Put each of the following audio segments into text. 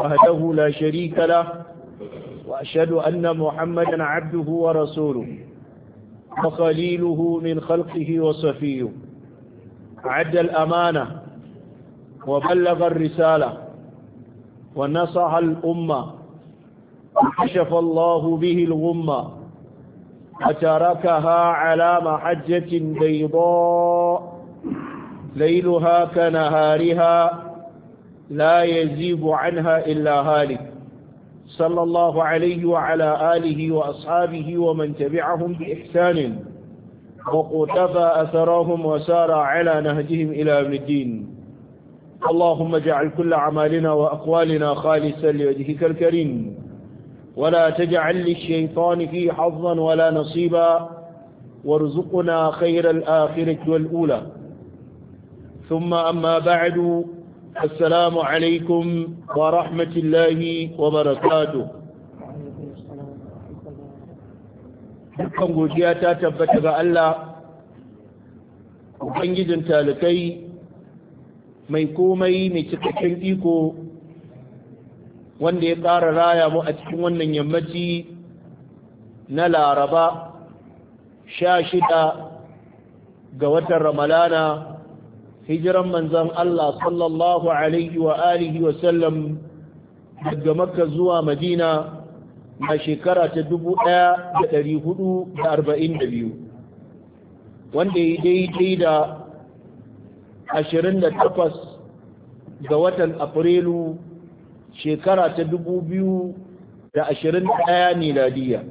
وهده لا شريك له وأشهد أن محمدا عبده ورسوله وخليله من خلقه وصفيه عد الأمانة وبلغ الرسالة ونصح الأمة وكشف الله به الغمة وتركها على محجة بيضاء ليلها كنهارها لا يزيب عنها إلا هالك صلى الله عليه وعلى آله وأصحابه ومن تبعهم بإحسان وقتفى أثرهم وسار على نهجهم إلى أمن الدين اللهم اجعل كل عمالنا وأقوالنا خالصا لوجهك الكريم ولا تجعل للشيطان فيه حظا ولا نصيبا وارزقنا خير الآخرة والأولى ثم أما بعد السلام عليكم ورحمة الله وبركاته dukkan godiya ta tabbata ga Allah ubangijin talikai mai komai mai cikakken iko wanda ya ƙara raya mu a cikin wannan yammaci na laraba sha shida ga watan ramalana hijiran manzan Allah sallallahu alaihi wa alihi wa sallam daga makka zuwa madina a shekara ta biyu, wanda ya daidai da takwas ga watan afrilu shekara ta 2021 miladiya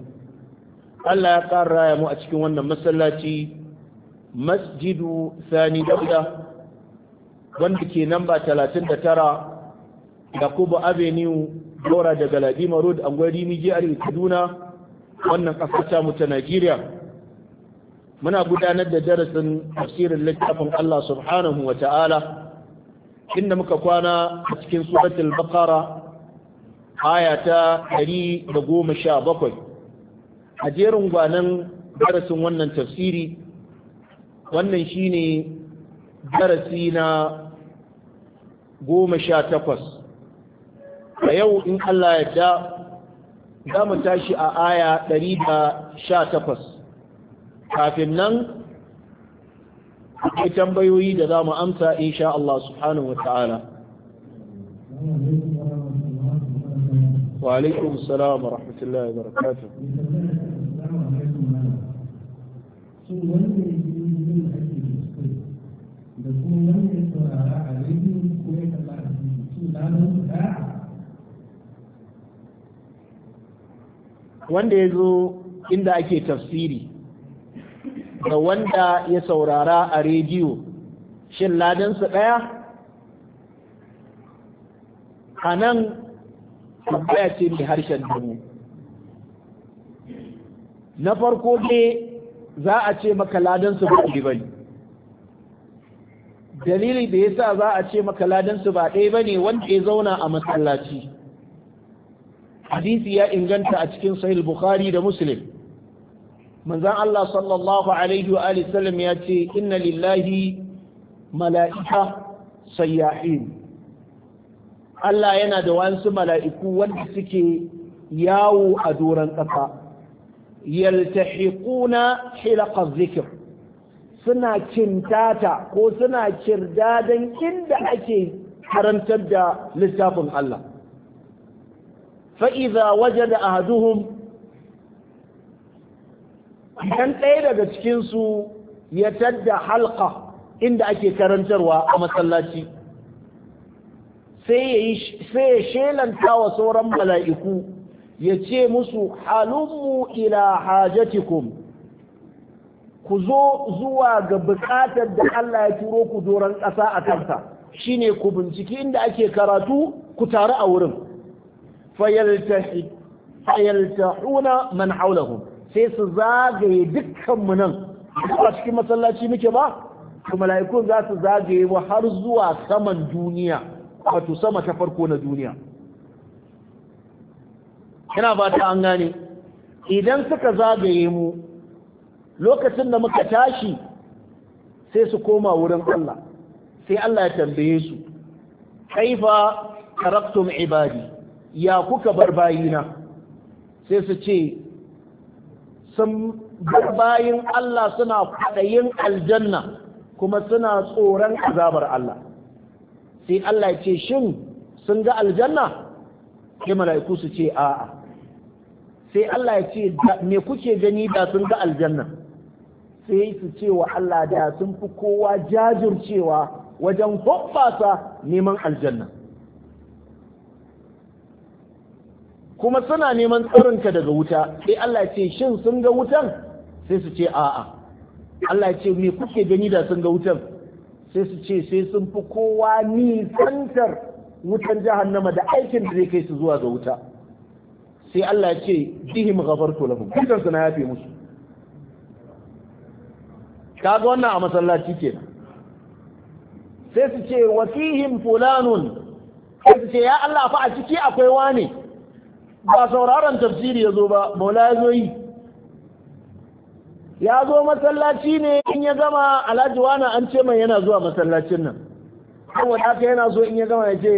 Allah ya ƙara ya mu a cikin wannan masallaci masjidu sani dauda wanda ke namba 39 Yakubu Avenue Dora daga Galadima Road a Angwari Nijiyar Kaduna wannan kasar ta mu ta Najeriya muna gudanar da darasin tafsirin littafin Allah subhanahu wa ta'ala inda muka kwana a cikin suratul baqara aya ta 117 a jerin gwanan darasin wannan tafsiri wannan shine darasi na goma sha takwas a yau in Allah ya da za mu tashi a aya ɗari da sha takwas kafin nan akwai tambayoyi da za mu amsa insha Allah subhanahu wa ta'ala wa alaikum salam wa rahmatullahi wa barakatuh da kuma wanda ya zo inda ake tafsiri da wanda ya saurara a rediyo shin ladansu ɗaya a nan tambaya ce mai harshen dumu na farko ne za a ce maka ladansu ba ɗaya ne. dalili da ya sa za a ce maka ladansu ba ɗaya ba ne wanda ya zauna a masallaci hadisi ya inganta a cikin sahih bukhari da muslim manzon Allah sallallahu alaihi wa alihi sallam ya ce inna lillahi mala'ika sayyahin Allah yana da wasu mala'iku wanda suke yawo a doron ƙasa yaltahiquna hilaqa dhikr suna cintata ko suna don inda ake karantar da littafin Allah fa'iza waje da ahaduhum idan ɗaya daga cikinsu ya tadda halka inda ake karantarwa a masallaci sai ya shelanta wa sauran mala'iku ya ce musu halummu ila hajatikum ku zo zuwa ga bukatar da Allah ya turo ku doron ƙasa a kanta shine ku binciki inda ake karatu ku taru a wurin fayaltahuna man haulahum sai su zagaye dukkanmu nan a cikin masallaci muke ba to mala'ikun za su zagaye mu har zuwa saman duniya wato sama ta farko na duniya ina ba ta an gane idan suka zagaye mu lokacin da muka tashi sai su koma wurin Allah sai Allah ya tambaye su kaifa taraktum ibadi ya kuka bar bayina sai su ce sun bar bayin Allah suna kwaɗayin aljanna kuma suna tsoron azabar Allah sai Allah ya ce shin sun ga aljanna sai mala'iku su ce a'a sai Allah ya ce me kuke gani da sun ga aljanna sai su ce wa Allah da sun fi kowa jajircewa wajen hoɓɓasa neman aljanna kuma suna neman tsarinka daga wuta sai Allah ce shin sun ga wutan sai su ce a'a Allah ce me kuke gani da sun ga wutan sai su ce sai sun fi kowa nisantar wutan jahannama da aikin da zai kai su zuwa ga wuta sai Allah ya ce bihim ghafartu lahum dukkan su na yafe musu kaga wannan a masallaci kenan sai su ce fihim fulanun sai su ce ya Allah fa a ciki akwai wani ba sauraron tafsiri ya zo ba maula ya zo yi ya zo masallaci ne in ya gama alhaji wani an ce mai yana zuwa masallacin nan wata haka yana so in ya gama ya ce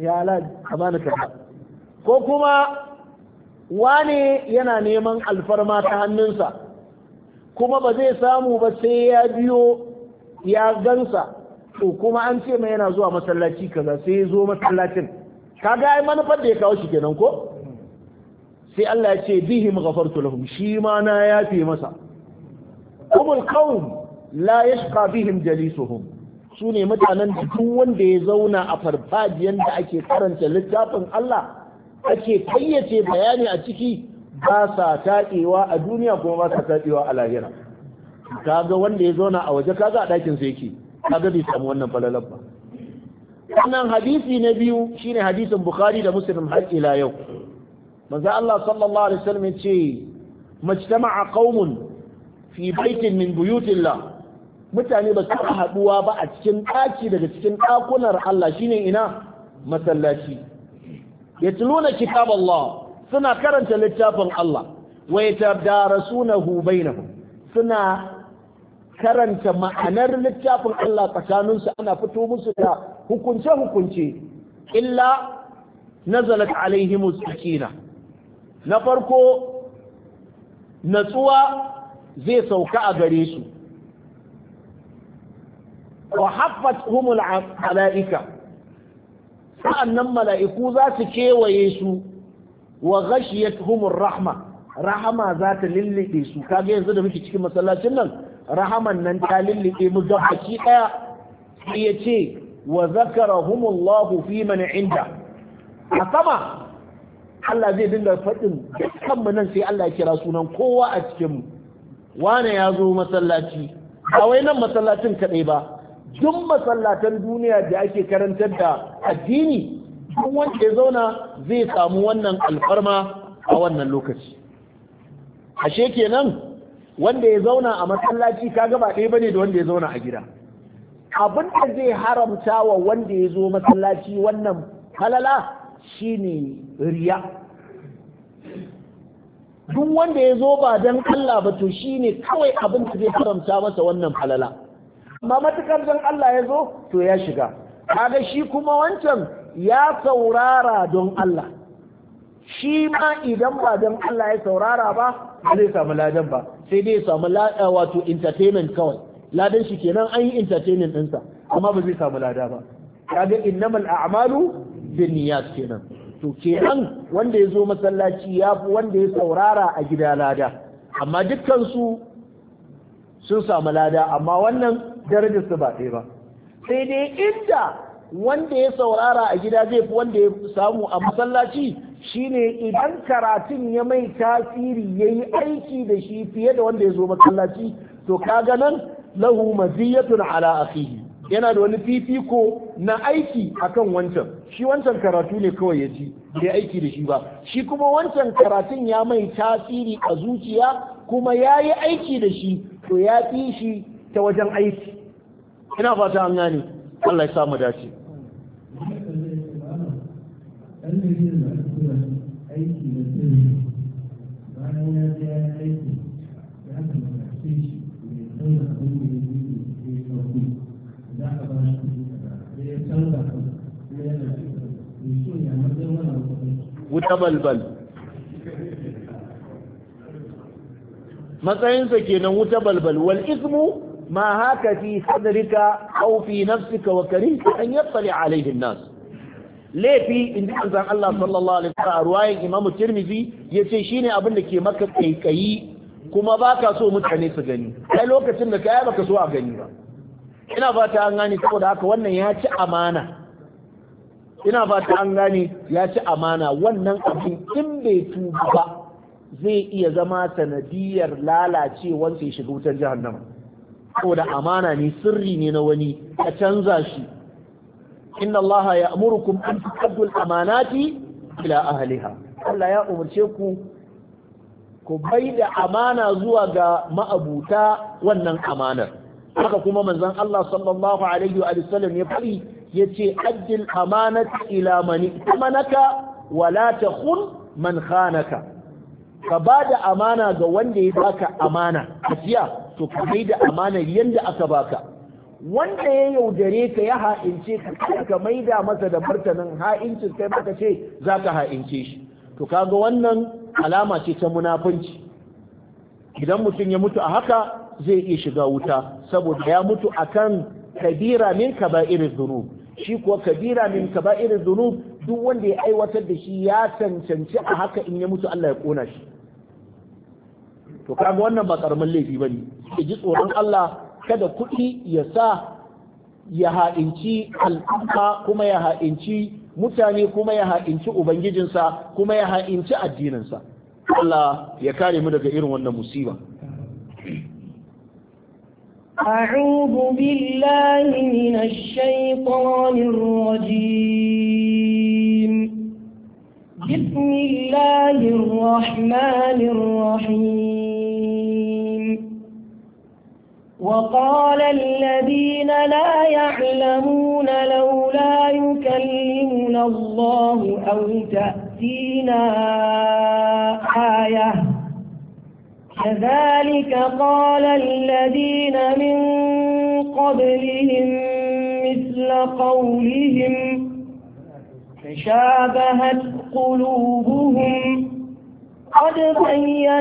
ya alhaji a bani kafa" ko kuma wane yana neman alfarma ta hannunsa kuma ba zai samu ba sai ya biyo ya gansa to kuma an ce mai yana zuwa masallaci kaza sai ya zo masallacin Ka ga ai manufar da ya kawo shi kenan ko sai Allah ya ce bihim ghafartu lahum shi ma na yafe masa umul qaum la yashqa bihim jalisuhum su ne mutanen da duk wanda ya zauna a farfajiyan da ake karanta littafin Allah ake kayyace bayani a ciki ba sa taɗewa a duniya kuma ba sa taɗewa a lahira kaga wanda ya zauna a waje kaga a ɗakin sa yake kaga bai samu wannan falalar ba Wannan hadisi na biyu shine hadisin bukhari da muslim har ila yau manzo Allah sallallahu alaihi wasallam ce majtama'a qaumun fi baitin min buyutillah mutane ba su haduwa ba a cikin daki daga cikin dakunar Allah shine ina masallaci yatluna kitab Allah suna karanta littafin Allah wa yatadarasunahu bainahum suna karanta ma'anar littafin Allah tsakaninsu ana fito musu da hukunce hukunce illa nazalat alaihimus sakina na farko natsuwa zai sauka a gare su wa haffat humul mala'ika sa'annan mala'iku za su kewaye su wa ghashiyat humur rahma rahama za ta lillibe su kaga yanzu da muke cikin masallacin nan rahaman nan ta lullube mu haki daya sai ya ce wa zakarahumullahu fi man inda a sama Allah zai dinga faɗin kanmu nan sai Allah ya kira sunan kowa a cikinmu wane ya zo masallaci ba wai nan masallacin kaɗai ba duk masallatan duniya da ake karantar da addini duk wanda ya zauna zai samu wannan alfarma a wannan lokaci ashe kenan wanda ya zauna a masallaci kaga ba ɗaya bane da wanda ya zauna a gida abin da zai haramta wa wanda ya zo masallaci wannan halala shine riya duk wanda ya zo ba don Allah ba to shine kawai abin da zai haramta masa wannan halala amma matukar don Allah ya zo to ya shiga kaga shi kuma wancan ya saurara don Allah shi ma idan ba don Allah ya saurara ba zai samu ladan ba sai dai samu eh, wato entertainment kawai ladan shi kenan an yi entertaining ɗinsa amma ba zai samu lada ba kaga innamal a'malu binniyat kenan to kenan wanda ya zo masallaci ya fi wanda ya saurara a gida lada amma dukkan su sun samu lada amma wannan darajar su ba ɗaya ba sai dai inda wanda ya saurara a gida zai fi wanda ya samu a masallaci shine idan karatun ya mai tasiri yayi aiki da shi fiye da wanda ya zo masallaci to kaga nan lahu maziyatun ala akhihi yana da wani fifiko na aiki akan wancan shi wancan karatu ne kawai ya ji bai aiki da shi ba shi kuma wancan karatun ya mai tasiri a zuciya kuma ya yi aiki da shi to ya fi shi ta wajen aiki ina fata an gane Allah ya samu dace aiki da sai matsayinsa kenan wuta balbal wal ismu ma haka fi sadrika aw fi nafsika wa karihta an yattali alaihi an-nas laifi inda ji Allah sallallahu alaihi wasallam ruwayan Imam Tirmidhi yace shine abin da ke maka kaikayi kuma ba ka so mutane su gani kai lokacin da kai baka so a gani ba ina fata an gane saboda haka wannan ya ci amana ina fata an gane ya ci amana wannan abin in bai tuba ba zai iya zama sanadiyar lalacewarsa ya shiga wutar jahannama saboda amana ne sirri ne na wani ka canza shi inna allaha ya amurukum an tuqaddu al-amanati ila ahliha Allah ya umarce ku ku bai da amana zuwa ga ma'abuta wannan amanar haka kuma manzon Allah sallallahu alaihi wa sallam ya fari yace ajjil amanata ila mani tamanaka wala takhun man khanaka ka ba da amana ga wanda ya baka amana ajiya to ka mai da amana yanda aka baka wanda ya yaudare ka ya ha'ince ka ka maida masa da martanin ha'incin kai maka ce za ka ha'ince shi to kaga wannan alama ce ta munafunci idan mutum ya mutu a haka zai iya shiga wuta saboda ya mutu akan kabira min irin zunub shi kuwa kabira min kaba'irin zunub duk wanda ya aiwatar da shi ya cancanci a haka in ya mutu Allah ya kona shi to kaga wannan ba karamin laifi bane ki ji tsoron Allah kada kuɗi ya sa ya ha'inci al'umma kuma ya ha'inci mutane kuma ya ha'inci ubangijinsa kuma ya ha'inci addininsa Allah ya kare mu daga irin wannan musiba أعوذ بالله من الشيطان الرجيم بسم الله الرحمن الرحيم وقال الذين لا يعلمون لولا يكلمنا الله أو تأتينا آية كذلك قال الذين من قبلهم مثل قولهم تشابهت قلوبهم قد بينا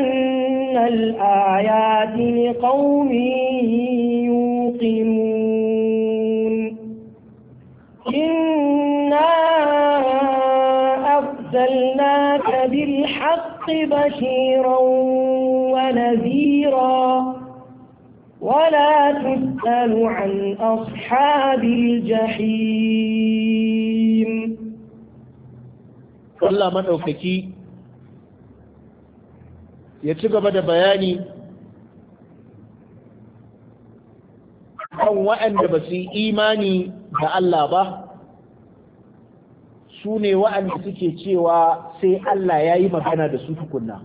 الآيات لقوم بشيرا ونذيرا ولا تسأل عن أصحاب الجحيم Allah maɗaukaki ya ci gaba da bayani kan waɗanda ba su yi imani da Allah ba su ne wa'anda suke cewa sai Allah ya yi magana da su tukunna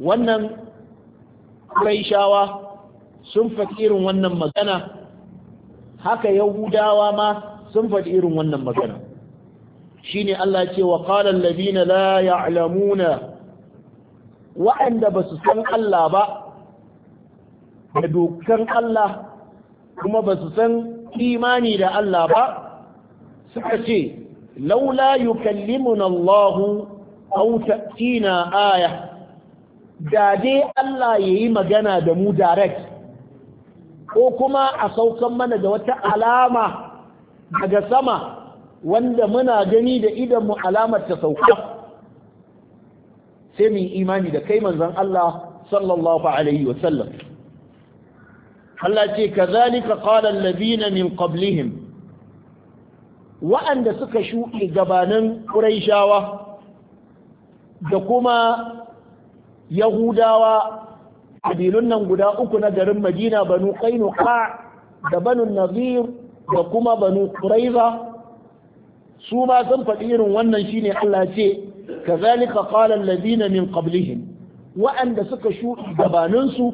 wannan ƙuraishawa sun faɗi irin wannan magana haka yahudawa ma sun faɗi irin wannan magana shine Allah ce wa na ladina la ya'lamuna wa'anda ba su san Allah ba da dokan Allah kuma ba su san imani da Allah ba suka ce laula yukallimuna Allah aw ta'tina aya da dai Allah yayi magana da mu direct ko kuma a saukan mana da wata alama daga sama wanda muna gani da idan mu alamar ta sauka sai mu imani da kai manzon Allah sallallahu alaihi wa sallam Allah ce kazalika qala alladhina min qablihim wa'anda suka shuɗe gabanin ƙuraishawa da kuma yahudawa ƙabilun nan guda uku na garin madina banu da banu nazir da kuma banu ƙuraiza su ma sun faɗi irin wannan shine allah ce ka zalika ƙalar lazina min ƙablihin wa'anda suka shuɗe gabaninsu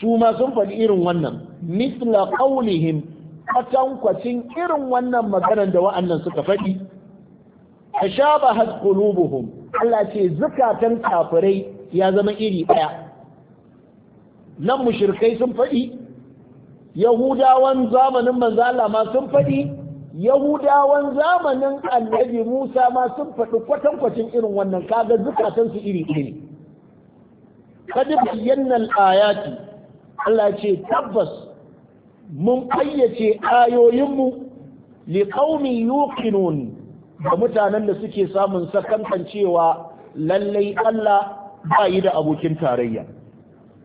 su ma sun faɗi irin wannan misla ƙaunihim kwatankwacin irin wannan maganar da wa'annan suka faɗi sha ba tashabahat qulubuhum Allah ce zukatan kafirai ya zama iri ɗaya nan mushrikai sun faɗi yahudawan zamanin Manzala ma sun faɗi yahudawan zamanin annabi Musa ma sun faɗi kwatankwacin irin wannan kaga zukatan su iri ɗaya ne kad ayati Allah ce tabbas mun ayyace ayoyinmu liƙaumi yuqinun da mutanen da suke samun sakankan cewa lallai Allah ba yi da abokin tarayya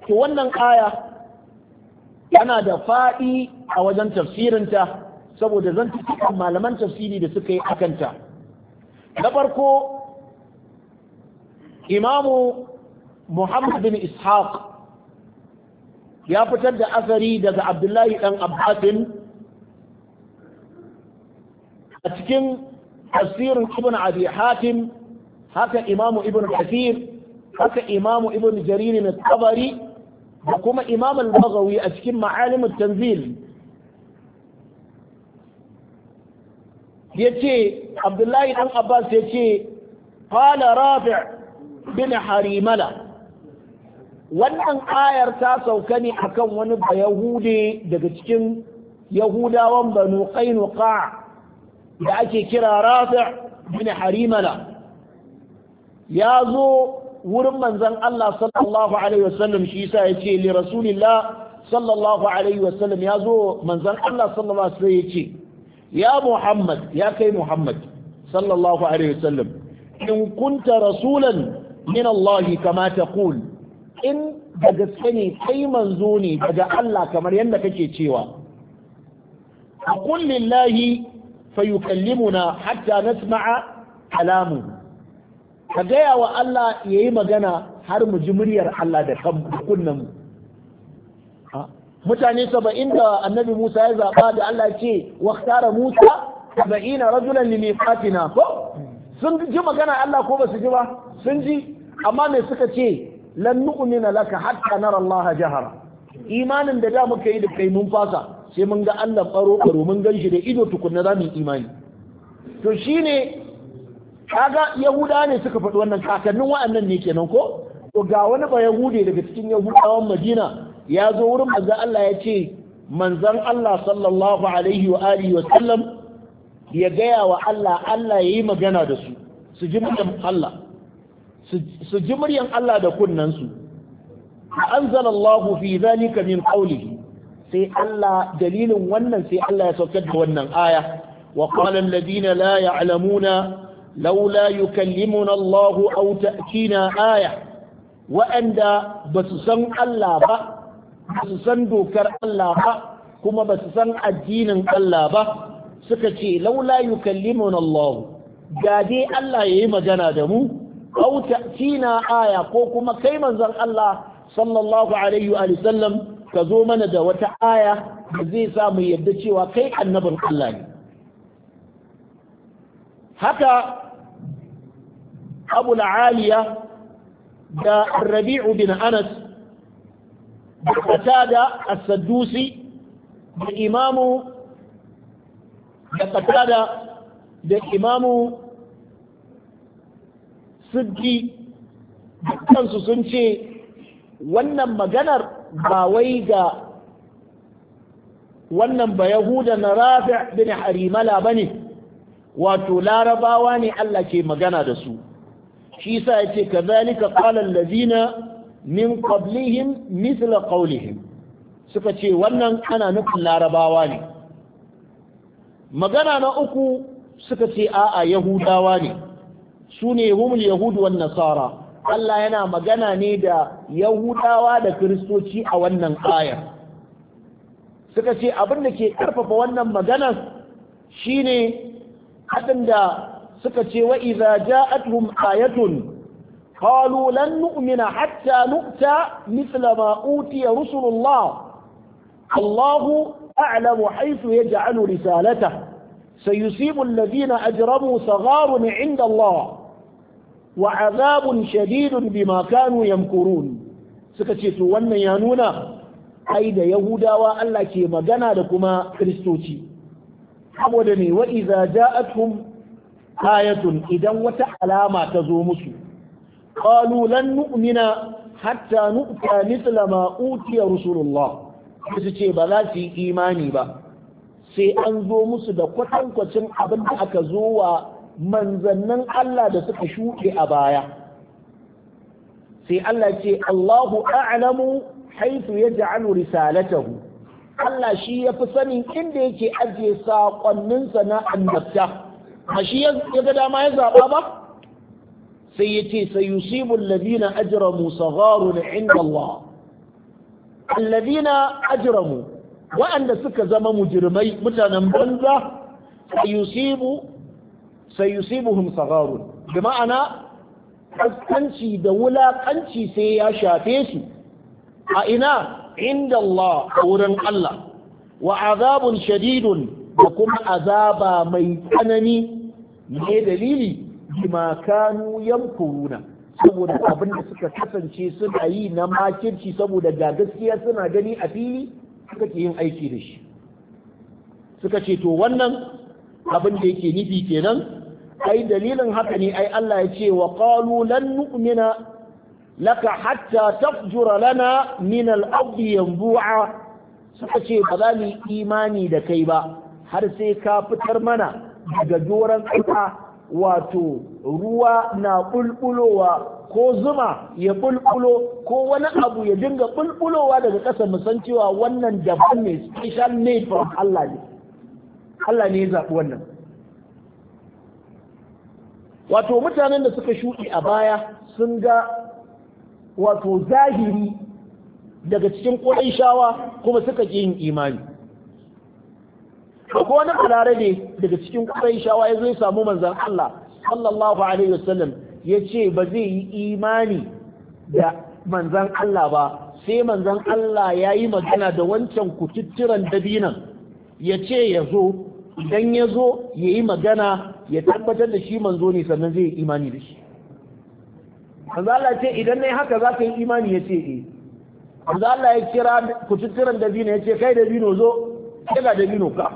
to wannan aya yana da faɗi a wajen tafsirinta saboda zan cikin malaman tafsiri da suka yi akanta na farko imamu muhammad bin ishaq ya fitar da asari daga abdullahi ɗan abbasin a cikin tafsirin ibn abi hatim haka imamu ibn kasir haka imamu ibn jariri na tabari da kuma imam al-bagawi a cikin ma'alimin tanzil ya ce abdullahi ɗan abbas ya ce fala rafi' bin harimala wannan ayar ta sauka ne akan wani ba bayahude daga cikin yahudawan banu qainuqa da ake kira rafi' bin harimala ya zo wurin manzon Allah sallallahu alaihi wasallam shi yasa yace li rasulillah sallallahu alaihi wasallam ya zo manzon Allah sallallahu alaihi wasallam yace ya muhammad ya kai muhammad sallallahu alaihi wasallam in kunta rasulan min Allah kama taqul in da gaske ne kai manzo ne daga Allah kamar yadda kake cewa a kullillahi na, hatta nasma'a kalamu ka gaya wa Allah ya yi magana har mu ji muryar Allah da kunnen mu mutane saba'in da annabi Musa ya zaɓa da Allah ce waktara Musa saba'in rajulan limifatina ko sun ji magana Allah ko ba su ji ba sun ji amma me suka ce lan nu'mina laka hatta nara Allah jahara imanin da da muka yi da kai mun fasa sai mun ga Allah baro baro mun gan shi da ido tukunna za mu imani to shine kaga yahuda ne suka faɗi wannan kakannin wa'annan ne kenan ko to ga wani ba yahude daga cikin yahudawan madina ya zo wurin manzon Allah ya ce manzon Allah sallallahu alaihi wa alihi wa sallam ya gaya wa Allah Allah ya yi magana da su su ji mutum Allah su ji muryan Allah da kunnansu anzala Allahu fi zalika min qawlihi sai Allah dalilin wannan sai Allah ya saukar da wannan aya wa qala alladhina la ya'lamuna laula yukallimuna Allahu aw ta'tina aya wa'anda basu san Allah ba basu san dokar Allah ba kuma basu san addinin Allah ba suka ce laula yukallimuna Allahu ga dai Allah yayi magana da mu aw na aya ko kuma kai manzon Allah sallallahu ka zo mana da wata aya da zai sa mu yadda cewa kai annabin Allah haka Abul'aliya da Rabi'u bin Anas da Qatada as da Imamu da da Imamu siddi dukkansu sun ce wannan maganar ba wai ga wannan ba yahuda na rafi bin harimala ba ne wato larabawa ne Allah ke magana da su shi sa ya ce ka zalika ƙalar lazina min qablihim misla qawlihim suka ce wannan ana nufin larabawa ne magana na uku suka ce a'a yahudawa ne su ne humul yahudu wan nasara Allah yana magana ne da yahudawa da kiristoci a wannan ayar suka ce abin da ke karfafa wannan maganar shine hadin da suka ce wa idza ja'atuhum ayatun qalu lan nu'mina hatta nu'ta mithla ma utiya rusulullah Allahu a'lamu haythu yaj'alu risalatahu سيصيب الذين أجرموا صغار عند الله wa azabun shadidun bima kanu yamkurun suka ce to wannan ya nuna ai da yahudawa Allah ke magana da kuma kristoci saboda ne wa idza ja'atuhum ayatun idan wata alama ta zo musu qalu lan nu'mina hatta nu'ta mithla ma utiya rasulullah su ce ba za su yi imani ba sai an zo musu da kwatankwacin abin da aka zo wa manzannin Allah da suka shuɗe a baya sai Allah ce Allahu a'lamu haythu yaj'alu risalatahu Allah shi ya fi sanin inda yake ajiye saƙonninsa na annabta ba shi ya ga dama ya zaɓa ba sai ya ce sai yusibu alladhina ajramu sagharun inda Allah alladhina ajramu wa'anda suka zama mujrimai mutanen banza sai yusibu sai yusibuhum sagharun bi ma'ana kaskanci da wulakanci sai ya shafe su a ina inda Allah a wurin Allah wa azabun shadidun da kuma azaba mai tsanani ne dalili bima kanu yamkuruna saboda abin da suka kasance suna yi na makirci saboda ga gaskiya suna gani a fili suka ke yin aiki da shi suka ce to wannan abin da yake nufi kenan ai dalilin haka ne ai Allah ya ce wa qalu lan nu'mina laka hatta tafjura lana min al-ardi yanbu'a suka ce ba za mu imani da kai ba har sai ka fitar mana daga doron ƙasa wato ruwa na bulbulowa ko zuma ya bulbulo ko wani abu ya dinga bulbulowa daga ƙasa mu san cewa wannan daban ne special made from Allah ne Allah ne ya zaɓi wannan wato mutanen da suka shuɗi a baya sun ga wato zahiri daga cikin shawa, kuma suka ƙi yin imani ko wani kalare ne daga cikin shawa ya zai samu manzan Allah sallallahu alaihi wasallam ya ce ba zai yi imani da manzan Allah ba sai manzan Allah ya yi magana da wancan kututturan dabinan ya ce ya zo idan ya zo ya yi magana ya tabbatar da shi manzo ne sannan zai yi imani da shi manzo Allah ce idan ne haka za ka yi imani ya ce eh manzo Allah ya kira kututturan dabino ya ce kai dabino zo da dabino ka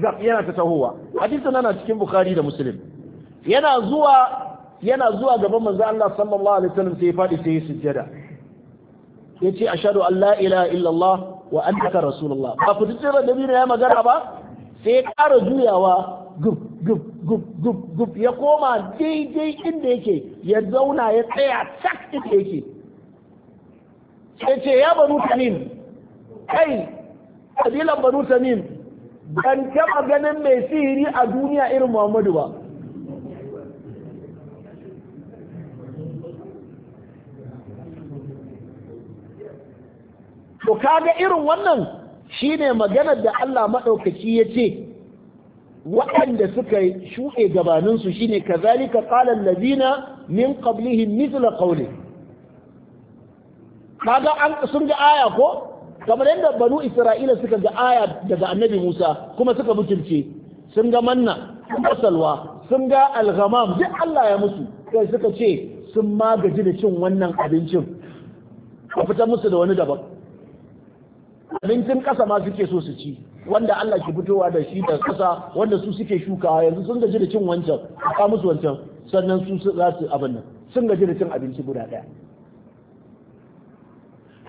zaf yana ta tahowa hadisin nana cikin bukhari da muslim yana zuwa yana zuwa gaban manzo Allah sallallahu alaihi wasallam sai ya fadi sai ya sujjada yace ashhadu an la ilaha illallah wa annaka rasulullah ba fitaccen annabi ne ya magana ba sai ya ƙara juyawa gub gub gub gub gub ya koma daidai inda yake ya zauna ya tsaya tak inda yake ce ya banu tanin kai kabilan banu tanin ban taɓa ganin mai sihiri a duniya irin muhammadu ba to kaga irin wannan shine maganar da Allah maɗaukaci ya ce waɗanda suka shuɗe gabaninsu shine kazalika qala allazina min qablihim mithla qawli kaga an sun ga aya ko kamar yadda banu isra'ila suka ga aya daga annabi musa kuma suka mutunce sun ga manna salwa sun ga alghamam duk Allah ya musu kai suka ce sun magaji da cin wannan abincin a fita musu da wani daban abincin ƙasa ma suke so su ci wanda Allah ke fitowa da shi da ƙasa wanda su suke shukawa yanzu sun gaji da cin wancan ka musu wancan sannan su za su abin nan sun gaji da cin abinci guda ɗaya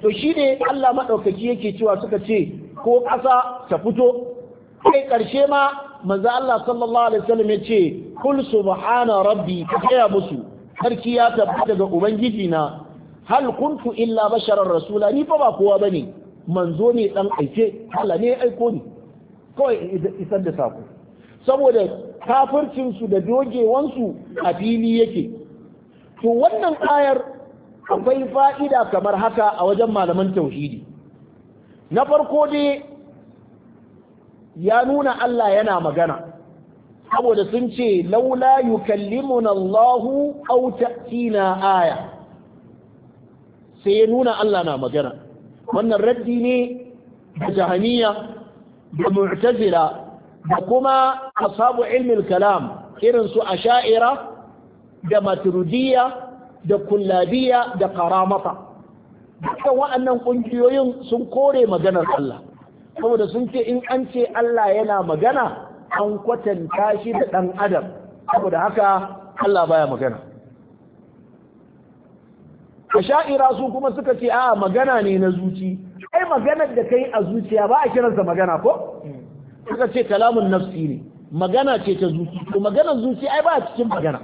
to shi ne Allah maɗaukaki yake cewa suka ce ko ƙasa ta fito kai ƙarshe ma manzo Allah sallallahu alaihi wasallam ya ce kul subhana rabbi ka musu sarki ya tabbata ga ubangiji na hal kuntu illa basharar rasula ni fa ba kowa bane manzo ne dan aike Allah ne ya aiko ni kawai isar da sako saboda kafircin su da dogewansu a fili yake to wannan ayar akwai fa'ida kamar haka a wajen malaman tauhidi na farko dai ya nuna Allah yana magana saboda sun ce laula yukallimuna Allahu aw ta'tina aya sai ya nuna Allah na magana wannan raddi ne da jahaniya da mu'tazila da kuma asabu ilmin kalam irin su asha'ira da maturidiyya da kullabiya da karamata dukkan wa'annan ƙungiyoyin sun kore maganar Allah saboda sun ce in an ce Allah yana magana an kwatanta shi da ɗan adam saboda haka Allah baya magana sha'ira su kuma suka ce a magana ne na zuci ai maganar da kai a zuciya ba a kiransa magana ko suka ce kalamun nafsi ne magana ce ta zuci to maganar zuci ai ba a cikin magana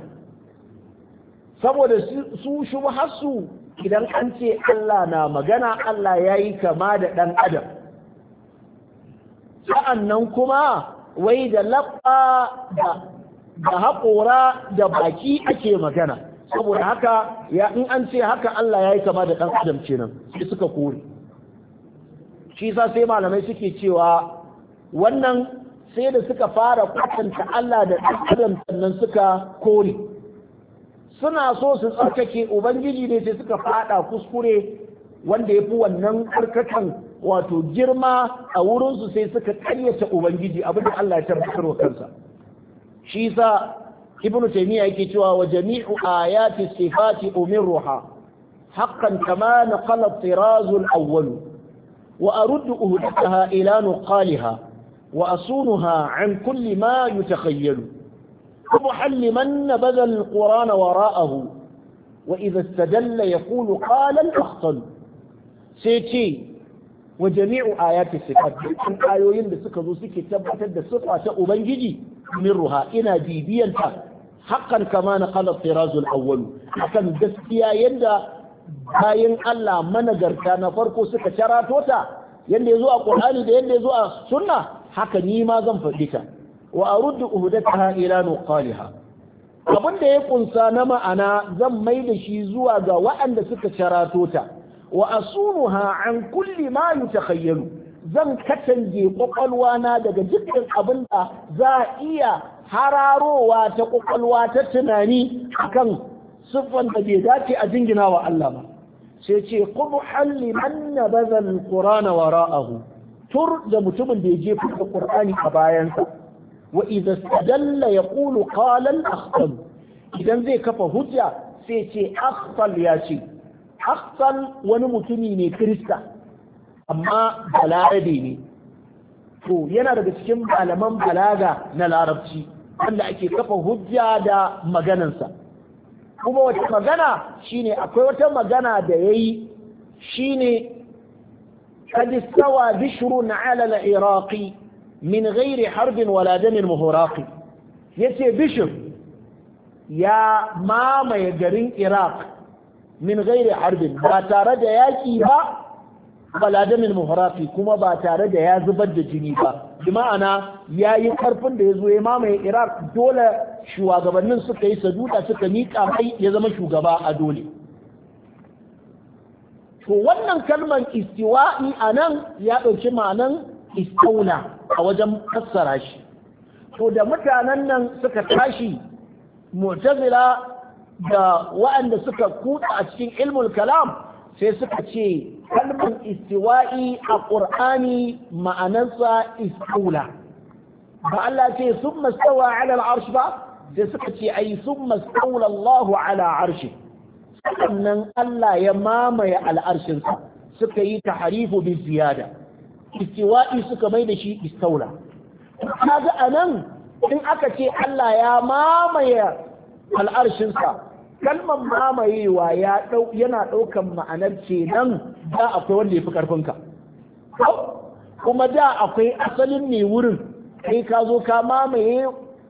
saboda su shubhasu idan an ce Allah na magana Allah ya yi kama da ɗan adam sa'an nan kuma wai da laɓa da haƙora da baki ake magana saboda haka ya in an ce haka Allah ya yi kama da ɗan adam kenan sai suka kore shi sa sai malamai suke cewa wannan sai da suka fara kwatanta Allah da ɗan adam sannan suka kore suna so su tsarkake ubangiji ne sai suka fada kuskure wanda ya fi wannan karkatan wato girma a wurinsu sai suka karyata ubangiji abin da Allah ya tabbatar wa kansa shi sa ibn taymiya yake cewa wa jami'u ayati sifati umiruha haqqan kama naqala at-tiraz al-awwal wa aruddu uhdataha ila nuqaliha wa asunuha an kulli ma yatakhayyalu ومحلما بذل القرآن وراءه وإذا استدل يقول قال الأخطل سيتي وجميع آيات الصفات أن آيوين بسكة ذو سكة تبتد الصفة أبنجي مرها إنا ديبيا hakan kama na kalar tirazul awwalu akan gaskiya yadda bayan Allah managarta na farko suka carato ta yadda ya zo a ƙur'ani da yadda ya zo a sunna haka ni ma zan faɗi ta wa a ruddu uhudataha ila nuqaliha abin da ya kunsa na ma'ana zan mai da shi zuwa ga waɗanda suka carato ta wa asunuha an kulli ma yutakhayyalu zan katange kwakwalwa na daga dukkan abin da za a iya hararowa ta ƙwaƙwalwa ta tunani akan siffan da bai dace a jingina wa Allah ba sai ce qubhan liman nabadha alqur'ana wara'ahu tur da mutumin da ya jefa da ƙur'ani a bayansa wa idza ya yaqulu qala al idan zai kafa hujja sai ce akhtal ya ce akhtal wani mutumi ne kirista. amma balarabe ne to yana daga cikin malaman balaga na larabci wanda ake kafa hujja da maganansa kuma wace magana shine akwai wata magana da ya shine shi kadistawa bishiru na alala iraki min gairi harbin waladanin muhuraki ya ce bishir ya mamaye garin iraq min gairi harbin ba tare da yaƙi ba baladamin muhrafi kuma ba tare da ya zubar da jini ba bi ma'ana ya yi karfin da ya zo ya mamaye iraq dole shugabannin suka yi saduda suka miƙa mai ya zama shugaba a dole to wannan kalmar istiwa'i a nan ya ɗauki ma'anan istauna a wajen fassara shi to da mutanen nan suka tashi mu'tazila da waɗanda suka kutsa a cikin ilmul kalam sai suka ce kalmar istiwa'i a ƙur'ani ma'anarsa istaula ba Allah ce sun mastawa ala al'arshi ba sai suka ce ai sun mastaula Allahu ala arshi sannan Allah ya mamaye al'arshinsa suka yi taharifu bi ziyada istiwa'i suka mai da shi istaula kaga nan in aka ce Allah ya mamaye al'arshinsa kalmar mamayewa yana ɗaukan ma'anar ce nan da akwai wanda ya fi ƙarfinka kuma da akwai asalin ne wurin kai ka zo ka mamaye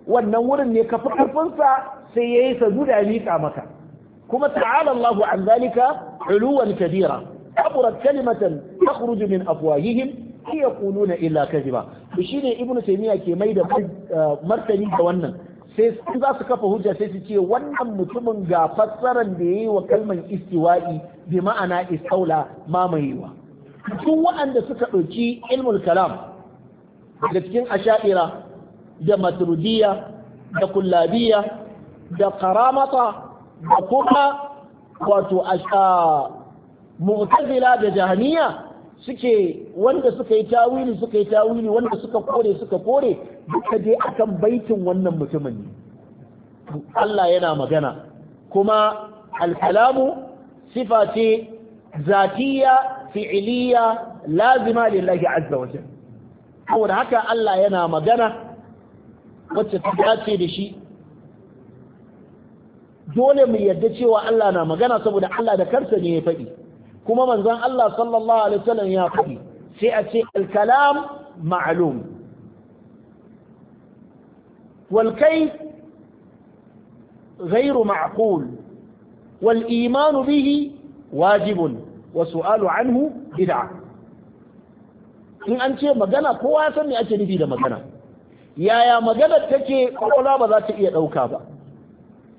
wannan wurin ne ka fi ƙarfinsa sai ya yi sa da miƙa maka kuma ta'ala Allahu an zalika uluwan kabira kaburat kalimatan takhruju min afwahihim in yaquluna illa kadhiba shine ibnu taymiya ke mai da eh, martani da wannan sai su za su kafa hujja sai su ce wannan mutumin ga fassaran da yayi wa kalman istiwa'i bi ma'ana istaula mamayewa duk waɗanda suka ɗauki ilmul kalam da cikin asha'ira da maturidiyya da Kullabiya da karamata da kuma wato mu'tazila da jahaniya suke wanda suka yi tawili suka yi tawili wanda suka kore suka kore duka dai akan baitin wannan mutumin ne Allah yana magana kuma alkalamu sifa ce zatiya fi'iliya lazima lillahi azza wajal saboda haka Allah yana magana wacce ta dace da shi dole mu yarda cewa Allah na magana saboda Allah da kansa ne ya faɗi kuma manzon Allah sallallahu alaihi wasallam ya faɗi sai a ce al-kalam ma'lum wal kayf ghayru ma'qul bihi wajib wa su'alu anhu bid'a in an ce magana kowa ya san me ake nufi da magana yaya maganar take kwakwalwa ba za ta iya ɗauka ba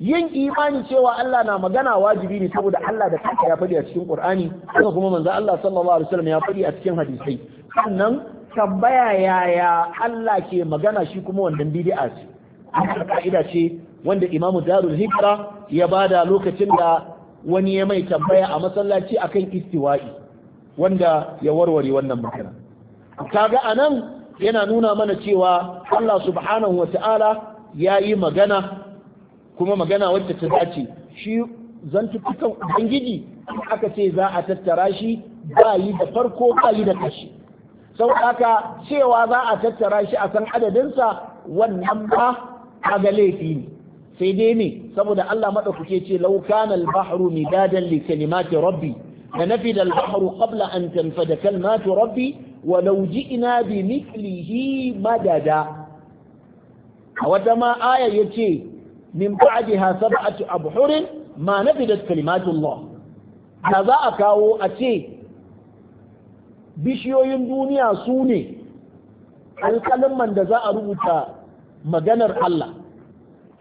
yin imani cewa Allah na magana wajibi ne saboda Allah da kanka ya faɗi a cikin Qur'ani haka kuma manzo Allah sallallahu alaihi wasallam ya faɗi a cikin hadisai sannan tambaya yaya Allah ke magana shi kuma wannan bid'a ce wannan ka'ida ce wanda Imam Darul Hijra ya bada lokacin da wani ya mai tambaya a masallaci akan istiwa'i wanda ya warware wannan magana kaga anan yana nuna mana cewa Allah subhanahu wa ta'ala ya yi magana kuma magana wacce ta dace shi zantukan ubangiji aka ce za a tattara shi ba yi da farko ba yi da kashi sau haka cewa za a tattara shi a san adadinsa wannan ba a ga laifi ne sai dai ne saboda Allah maɗaukake ce laukan al-bahru midadan li kalimati rabbi da nafi da al-bahru qabla an tanfada kalimatu rabbi wa law ji'na bi mithlihi madada a wata ma aya yace min ba'daha sab'atu abhurin ma nafidat kalimatullah da za a kawo a ce bishiyoyin duniya su ne alƙalimman da za a rubuta maganar Allah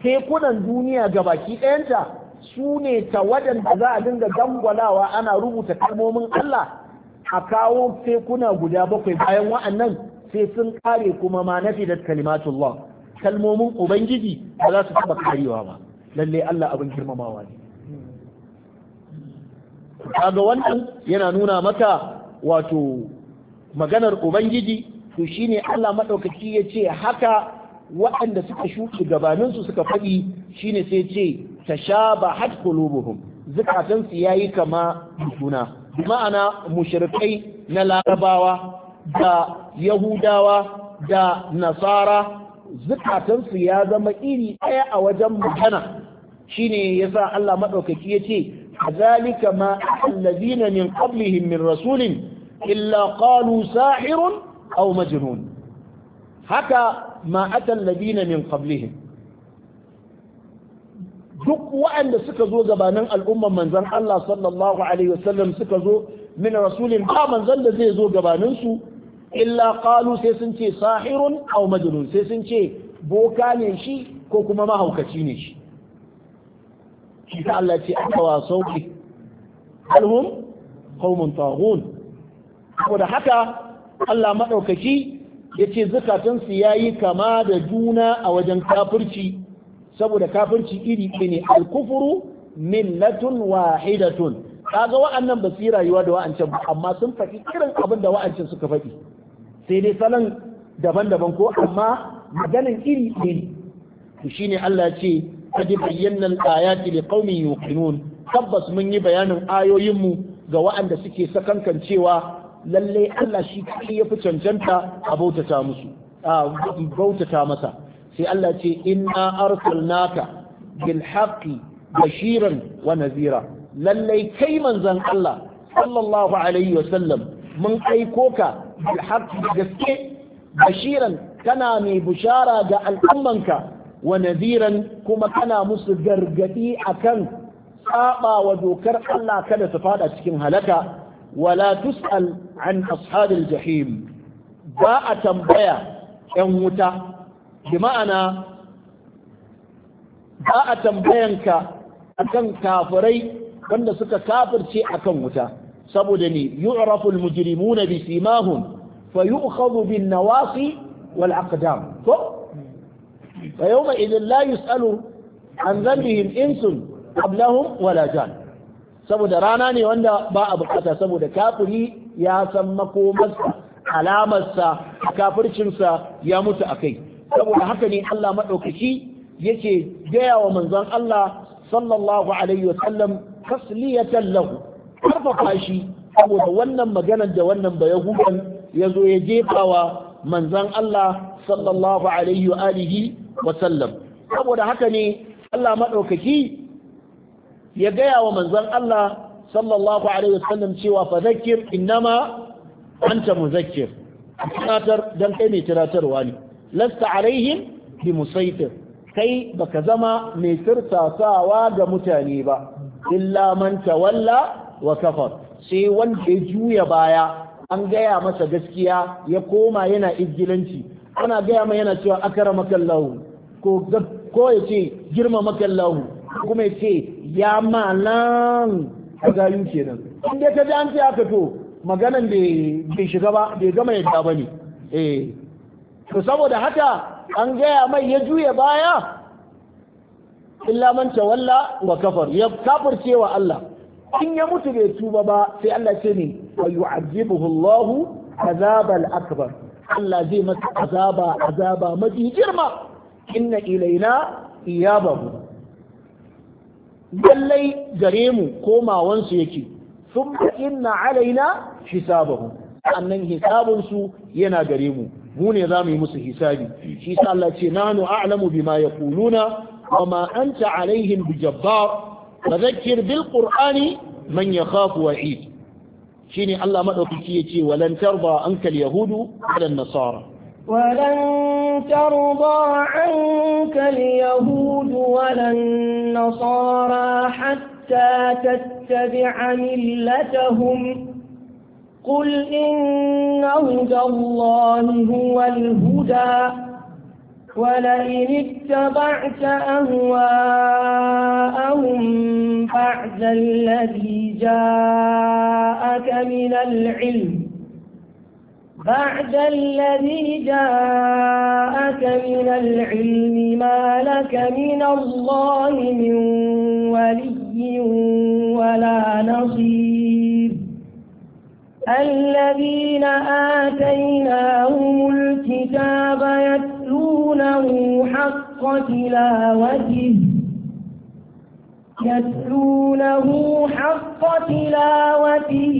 tekunan duniya ga baki ɗayanta su ne ta waɗanda za a dinga dangwalawa ana rubuta kalmomin Allah a kawo tekuna guda bakwai bayan wa'annan sai sun kare kuma ma nafi da kalimatullah kalmomin ubangiji ba za su taba karewa ba lalle Allah abin girmamawa ne kaga wannan yana nuna maka wato maganar ubangiji to shine Allah madaukaki ya ce haka waɗanda suka shuɗe gabaninsu suka faɗi shine sai ce tashabahat qulubuhum zukatansu yayi kama juna ma'ana mushrikai na larabawa da yahudawa da nasara zukatansu ya zama iri ɗaya a wajen magana shine yasa Allah maɗaukaki ya ce kazalika ma allazina min qablihim min rasulin illa qalu sahirun aw majnun haka ma allazina min qablihim duk waɗanda suka zo gabanin al'umman manzon Allah sallallahu alaihi wasallam suka zo min rasulin ba manzon da zai zo gabaninsu illa qalu sai sun ce sahirun aw majnun sai sun ce boka ne shi ko kuma mahaukaci ne shi shi ta Allah ce aka wasau alhum qaumun taghun saboda haka Allah madaukaki yace su yayi kama da juna a wajen kafirci saboda kafirci iri ɗaya ne alkufuru millatun wahidatun kaga wa'annan ba su yi rayuwa da wa'ancan ba amma sun faɗi irin abin da wa'ancan suka faɗi sai dai salon daban-daban ko amma maganin iri ne. to shine Allah ce qad bayyana al-ayati liqaumin yuqinun tabbas mun yi bayanin ayoyin mu ga waɗanda suke sakankan cewa lalle Allah shi kai ya fi cancanta a bautata musu a bautata masa sai Allah ce inna arsalnaka bil haqqi bashiran wa nazira lalle kai manzon Allah sallallahu alaihi wa sallam mun aiko ka bil haqqi gaske bashiran tana mai bushara ga al'ummanka wa naziran kuma kana musu gargadi akan saba wa dokar Allah kada ta fada cikin halaka wala tus'al an ashabil jahim ba a tambaya yan wuta bi ma'ana ba a tambayanka akan kafirai wanda suka kafirce akan wuta saboda ne yu'rafu al-mujrimuna bi simahum fa yu'khadhu bin nawasi wal aqdam ko fa yawma idhin la yus'alu an dhanbihim insun qablahum wala jan saboda rana ne wanda ba a buƙata saboda kafiri ya san makomarsa alamarsa kafircinsa ya mutu a kai saboda haka ne Allah maɗaukaki yake gaya wa manzon Allah sallallahu alaihi wa sallam tasliyatan lahu karfafa shi saboda wannan maganar da wannan bayahudan ya zo ya jefawa manzan Allah sallallahu alaihi wa alihi wa sallam saboda haka ne Allah maɗaukaki ya gaya wa manzan Allah sallallahu alaihi wa sallam cewa fa zakir innama anta muzakkir tunatar dan kai mai tunatarwa ne lasta alaihim bi musaitir kai baka zama mai tirtasawa ga mutane ba illa man tawalla wa kafar sai wanda ya juya baya an gaya masa gaskiya ya koma yana izgilanci ana gaya mai yana cewa akara makallahu ko ko ya ce girma makallahu kuma ya ce ya malan gayu kenan in dai ka ji an ce aka to maganan bai shiga ba bai gama yadda ba ne eh to saboda haka an gaya mai ya juya baya illa man tawalla wa kafar ya kafirce wa Allah in ya mutu bai tuba ba sai Allah ce ne wa yu'azibuhu Allahu azabal akbar Allah zai masa azaba azaba mafi girma inna ilaina iyabahu lallai gare mu komawansu yake sun inna alaina hisabahu annan su yana gare mu mu ne za mu yi musu hisabi shi sa Allah ce nanu a'lamu bima yaquluna wa ma anta alaihim bijabbar fadhakkir bil qur'ani man yakhafu wa'id shine Allah madaukaki yace walan tarda ankal yahudu wal nasara walan tarda ankal yahudu wal nasara hatta tattabi'a millatahum قل إن هدى الله هو الهدى ولئن اتبعت أهواءهم بعد الذي جاءك من العلم بعد الذي جاءك من العلم ما لك من الله من ولي ولا نصير الذين آتيناهم الكتاب يتبعون يتلونه حق تلاوته يتلونه حق تلاوته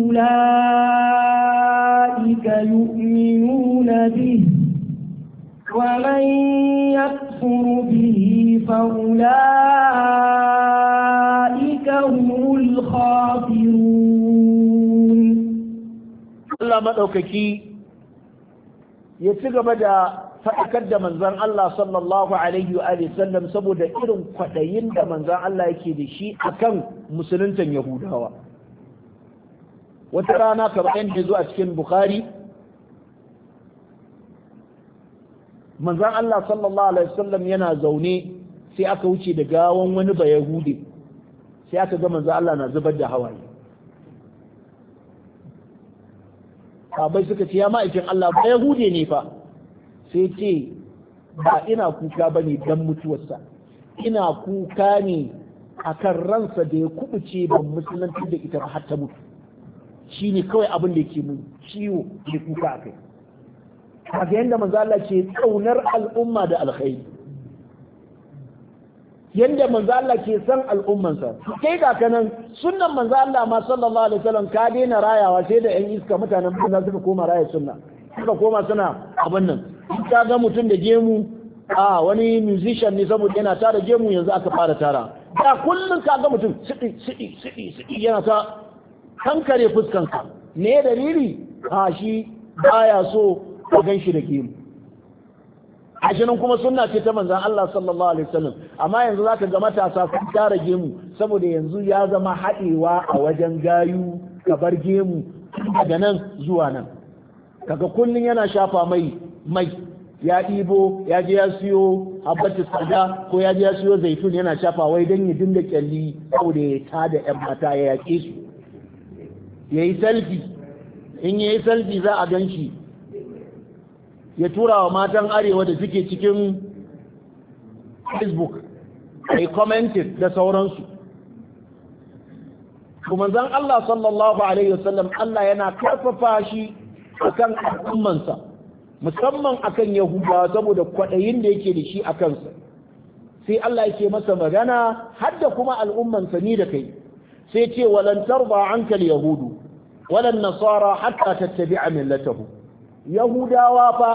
أولئك يؤمنون به ومن يكفر به فأولئك هم الخاسرون الله ما ya ci gaba da faɗakar da manzan Allah sallallahu alaihi wa sallam saboda irin kwaɗayin da manzan Allah yake da shi akan musuluntan Yahudawa wata rana kamar yadda zuwa cikin Bukhari Manzan Allah sallallahu alaihi wa sallam yana zaune sai aka wuce da gawan wani ba Yahudi sai aka ga manzan Allah na zubar da hawaye sabai suka ce ya ma'aikin Allah ba hude ne fa sai ce ba ina kuka ba ne don mutuwarsa ina kuka ne a kan ransa da ya kubuce ban musulunci da ita har ta mutu shi ne kawai abin da ke mun ciwo da kuka a kai a yadda manzo Allah ce tsaunar al'umma da alkhairi yadda manzo Allah ke san al'ummansa kai ga kanan sunnan manzo Allah ma sallallahu alaihi wasallam ka daina rayawa sai da yan iska mutanen banza suka koma raya sunna suka koma suna abin nan ka ga mutum da gemu a wani musician ne saboda yana tara gemu yanzu aka fara tara da kullum ka ga mutum sidi sidi sidi sidi yana ta kankare fuskanka, ne dalili a shi baya so ka gan shi da gemu gashi nan kuma sunna ce ta manzon Allah sallallahu alaihi wasallam amma yanzu zaka ga matasa sun tara gemu saboda yanzu ya zama haɗewa a wajen gayu ka bar gemu daga nan zuwa nan kaga kullun yana shafa mai mai ya ibo ya je ya siyo habbatu sada ko ya je ya siyo zaitun yana shafa wai dan ya dinga kyalli saboda ya tada yan mata ya yake su yayi salfi in yayi salfi za a gan shi ya tura wa matan arewa da suke cikin facebook a commented da sauransu kuma zan Allah sallallahu alaihi wasallam Allah yana karfafa shi kan al'ummansa musamman akan yahudawa saboda kwaɗayin da yake da shi a kansa sai Allah yake masa magana har da kuma al'ummansa ni da kai sai ce walan tarba ankal yahudu walan nasara hatta a millatahu yahudawa fa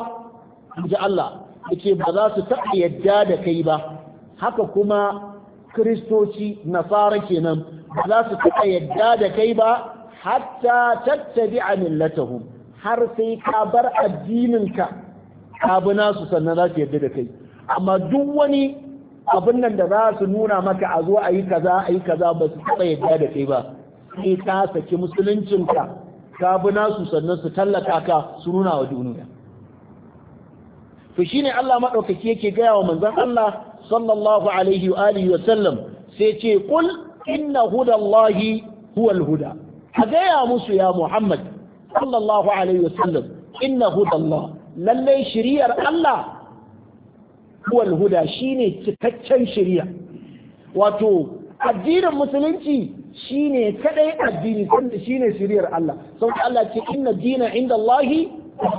ji Allah yace ba za su taɓa yadda da kai ba haka kuma kristoci nasara kenan ba za su taɓa yadda da kai ba hatta a millatahum har sai ka bar addininka ka bi nasu sannan za su yadda da kai amma duk wani abin nan da za su nuna maka a zo a yi kaza a yi kaza ba su taɓa yadda da kai ba sai ka saki musuluncinka ka bi nasu sannan su tallaka ka su nuna wa duniya to shine Allah maɗaukaki yake gaya wa manzon Allah sallallahu alaihi wa alihi wa sallam sai ce Kul inna hudallahi huwal huda a gaya musu ya Muhammad sallallahu alaihi wa sallam inna hudallah lalle shiriyar Allah huwal huda shine cikakken shiriya wato addinin musulunci shine kadai addini wanda shine shiriyar Allah saboda Allah ce inna dina inda Allahi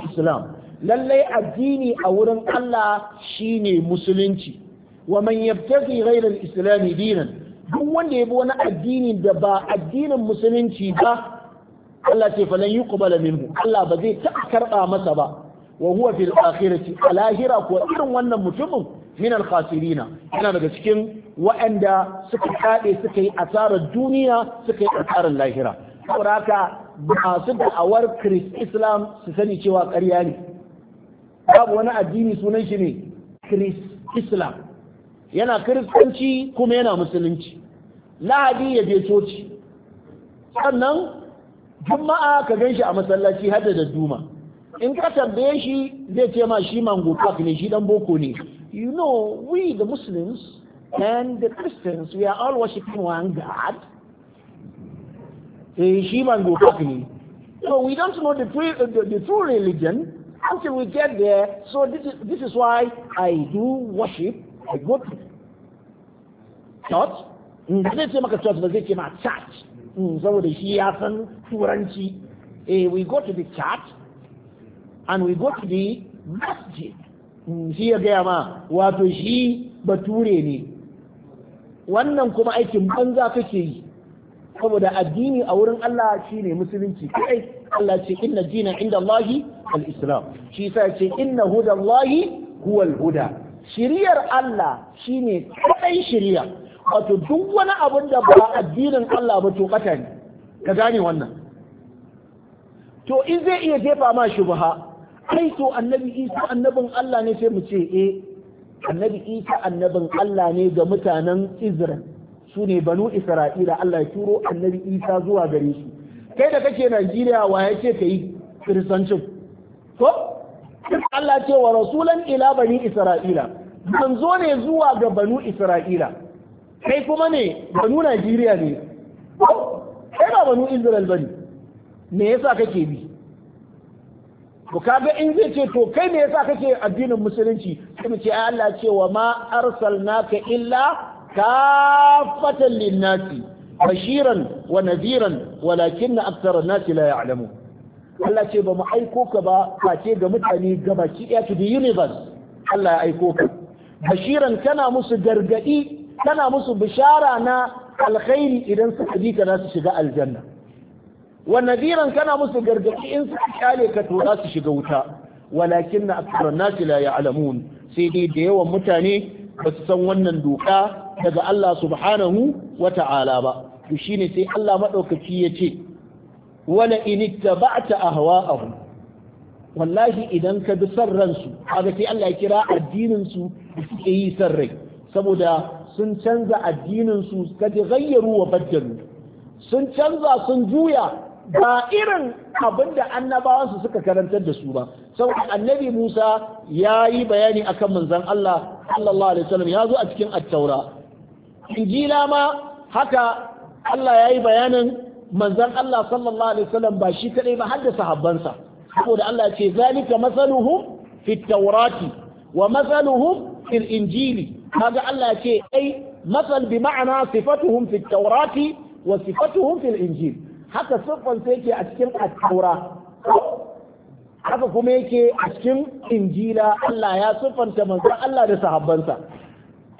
islam lallai addini a wurin Allah shine musulunci wa man yabtaghi ghayra al-islam dinan duk wanda yabi wani addini da ba addinin musulunci ba Allah ce falan yuqbala minhu Allah ba zai taɓa karɓa masa ba wa huwa fil akhirati a lahira ko irin wannan mutumin min al-khasirina yana daga cikin waɗanda suka kaɗe suka yi asarar duniya suka yi asarar lahira saboda haka masu da'awar Christ Islam su sani cewa ƙarya ne babu wani addini sunan shi ne Christ Islam yana kiristanci kuma yana musulunci lahadi ya je coci sannan juma'a ka gan shi a masallaci hada da duma in ka tambaye shi zai ce ma shi mango park ne shi dan boko ne You know, we the Muslims and the Christians, we are all worshipping one God. Eh, Him and Gopakini. So we don't know the, pre, uh, the, the true religion until we get there. So this is, this is why I do worship. I go to church. Ba zai ce maka church ba zai ce ma church. Mm, Saboda shi ya san turanci. Eh, we go to the church and we go to the masjid. shi ya gaya ma wato shi bature ne wannan kuma aikin banza kake yi saboda addini a wurin Allah shine musulunci kai Allah ce inna dina inda Allahi al-islam shi sa ce inna huda Allahi huwa al-huda shiriyar Allah shine kai shiriya wato duk wani abin da ba addinin Allah ba to kata ne ka gane wannan to in zai iya jefa ma shubha kai to annabi isa annabin Allah ne sai mu ce eh annabi isa annabin Allah ne ga mutanen Isra'il su ne banu Isra'ila Allah ya turo annabi isa zuwa gare su kai da kake Najeriya wa ya ce kai kristancin ko Allah ce wa rasulan ila bani Isra'ila zo ne zuwa ga banu Isra'ila kai kuma ne banu Najeriya ne kai ba banu Isra'il bane me yasa kake bi to kaga in zai ce to kai me yasa kake addinin musulunci sai mu ce ai Allah ce wa ma arsalnaka illa kafatan linnasi bashiran wa nadhiran walakinna aktsara nasi la ya'lamu Allah ce ba mu aiko ka ba face ga mutane gabaki ɗaya to the universe Allah ya aiko ka bashiran kana musu gargadi kana musu bishara na alkhairi idan suka ji ka za su shiga aljanna wa nadiran kana musu gargadi in suka kyale ka to su shiga wuta walakin na aksarar nasi la ya'lamun sai dai da yawan mutane ba su san wannan doka daga Allah subhanahu wa ta'ala ba to shine sai Allah madaukaki ya ce ta a hawa ahwa'ahum wallahi idan ka bi san ransu kaga sai Allah ya kira addinin su suke yi san rai saboda sun canza addinin su kaje gayyaru wa baddalu sun canza sun juya ba irin abin da annabawansu suka karantar da su ba saboda annabi Musa ya yi bayani akan manzon Allah sallallahu alaihi wasallam ya zo a cikin at-taura injila ma haka Allah ya yi bayanin manzon Allah sallallahu alaihi wasallam ba shi kadai ba har da sahabbansa saboda Allah ya ce zalika masaluhum fi at wa masaluhum fil injili kaga Allah ya ce ai masal bi ma'ana sifatuhum fi at wa sifatuhum fil injili haka siffansa yake a cikin attaura haka kuma yake a cikin injila Allah ya siffanta manzon Allah da sahabbansa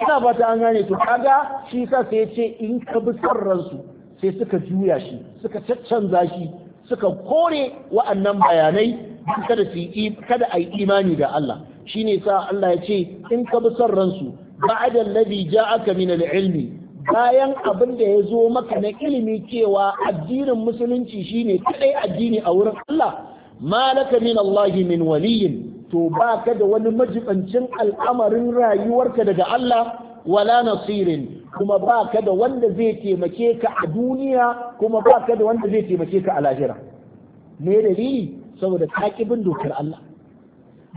ina ba ta an gane to kaga shi sa sai ce in ka bi son ransu sai suka juya shi suka caccanza shi suka kore wa'annan bayanai kada su kada ayi imani da Allah shine sa Allah ya ce in ka bi son ransu ba'da alladhi ja'aka min al-ilmi bayan abin da ya zo maka na ilimi cewa addinin musulunci shine kadai addini a wurin Allah malaka min Allah min waliyin to baka da wani majibancin al'amarin rayuwarka daga Allah wala nasirin kuma baka da wanda zai taimake ka a duniya kuma baka da wanda zai taimake ka a lahira me dalili saboda kaƙibin dokar Allah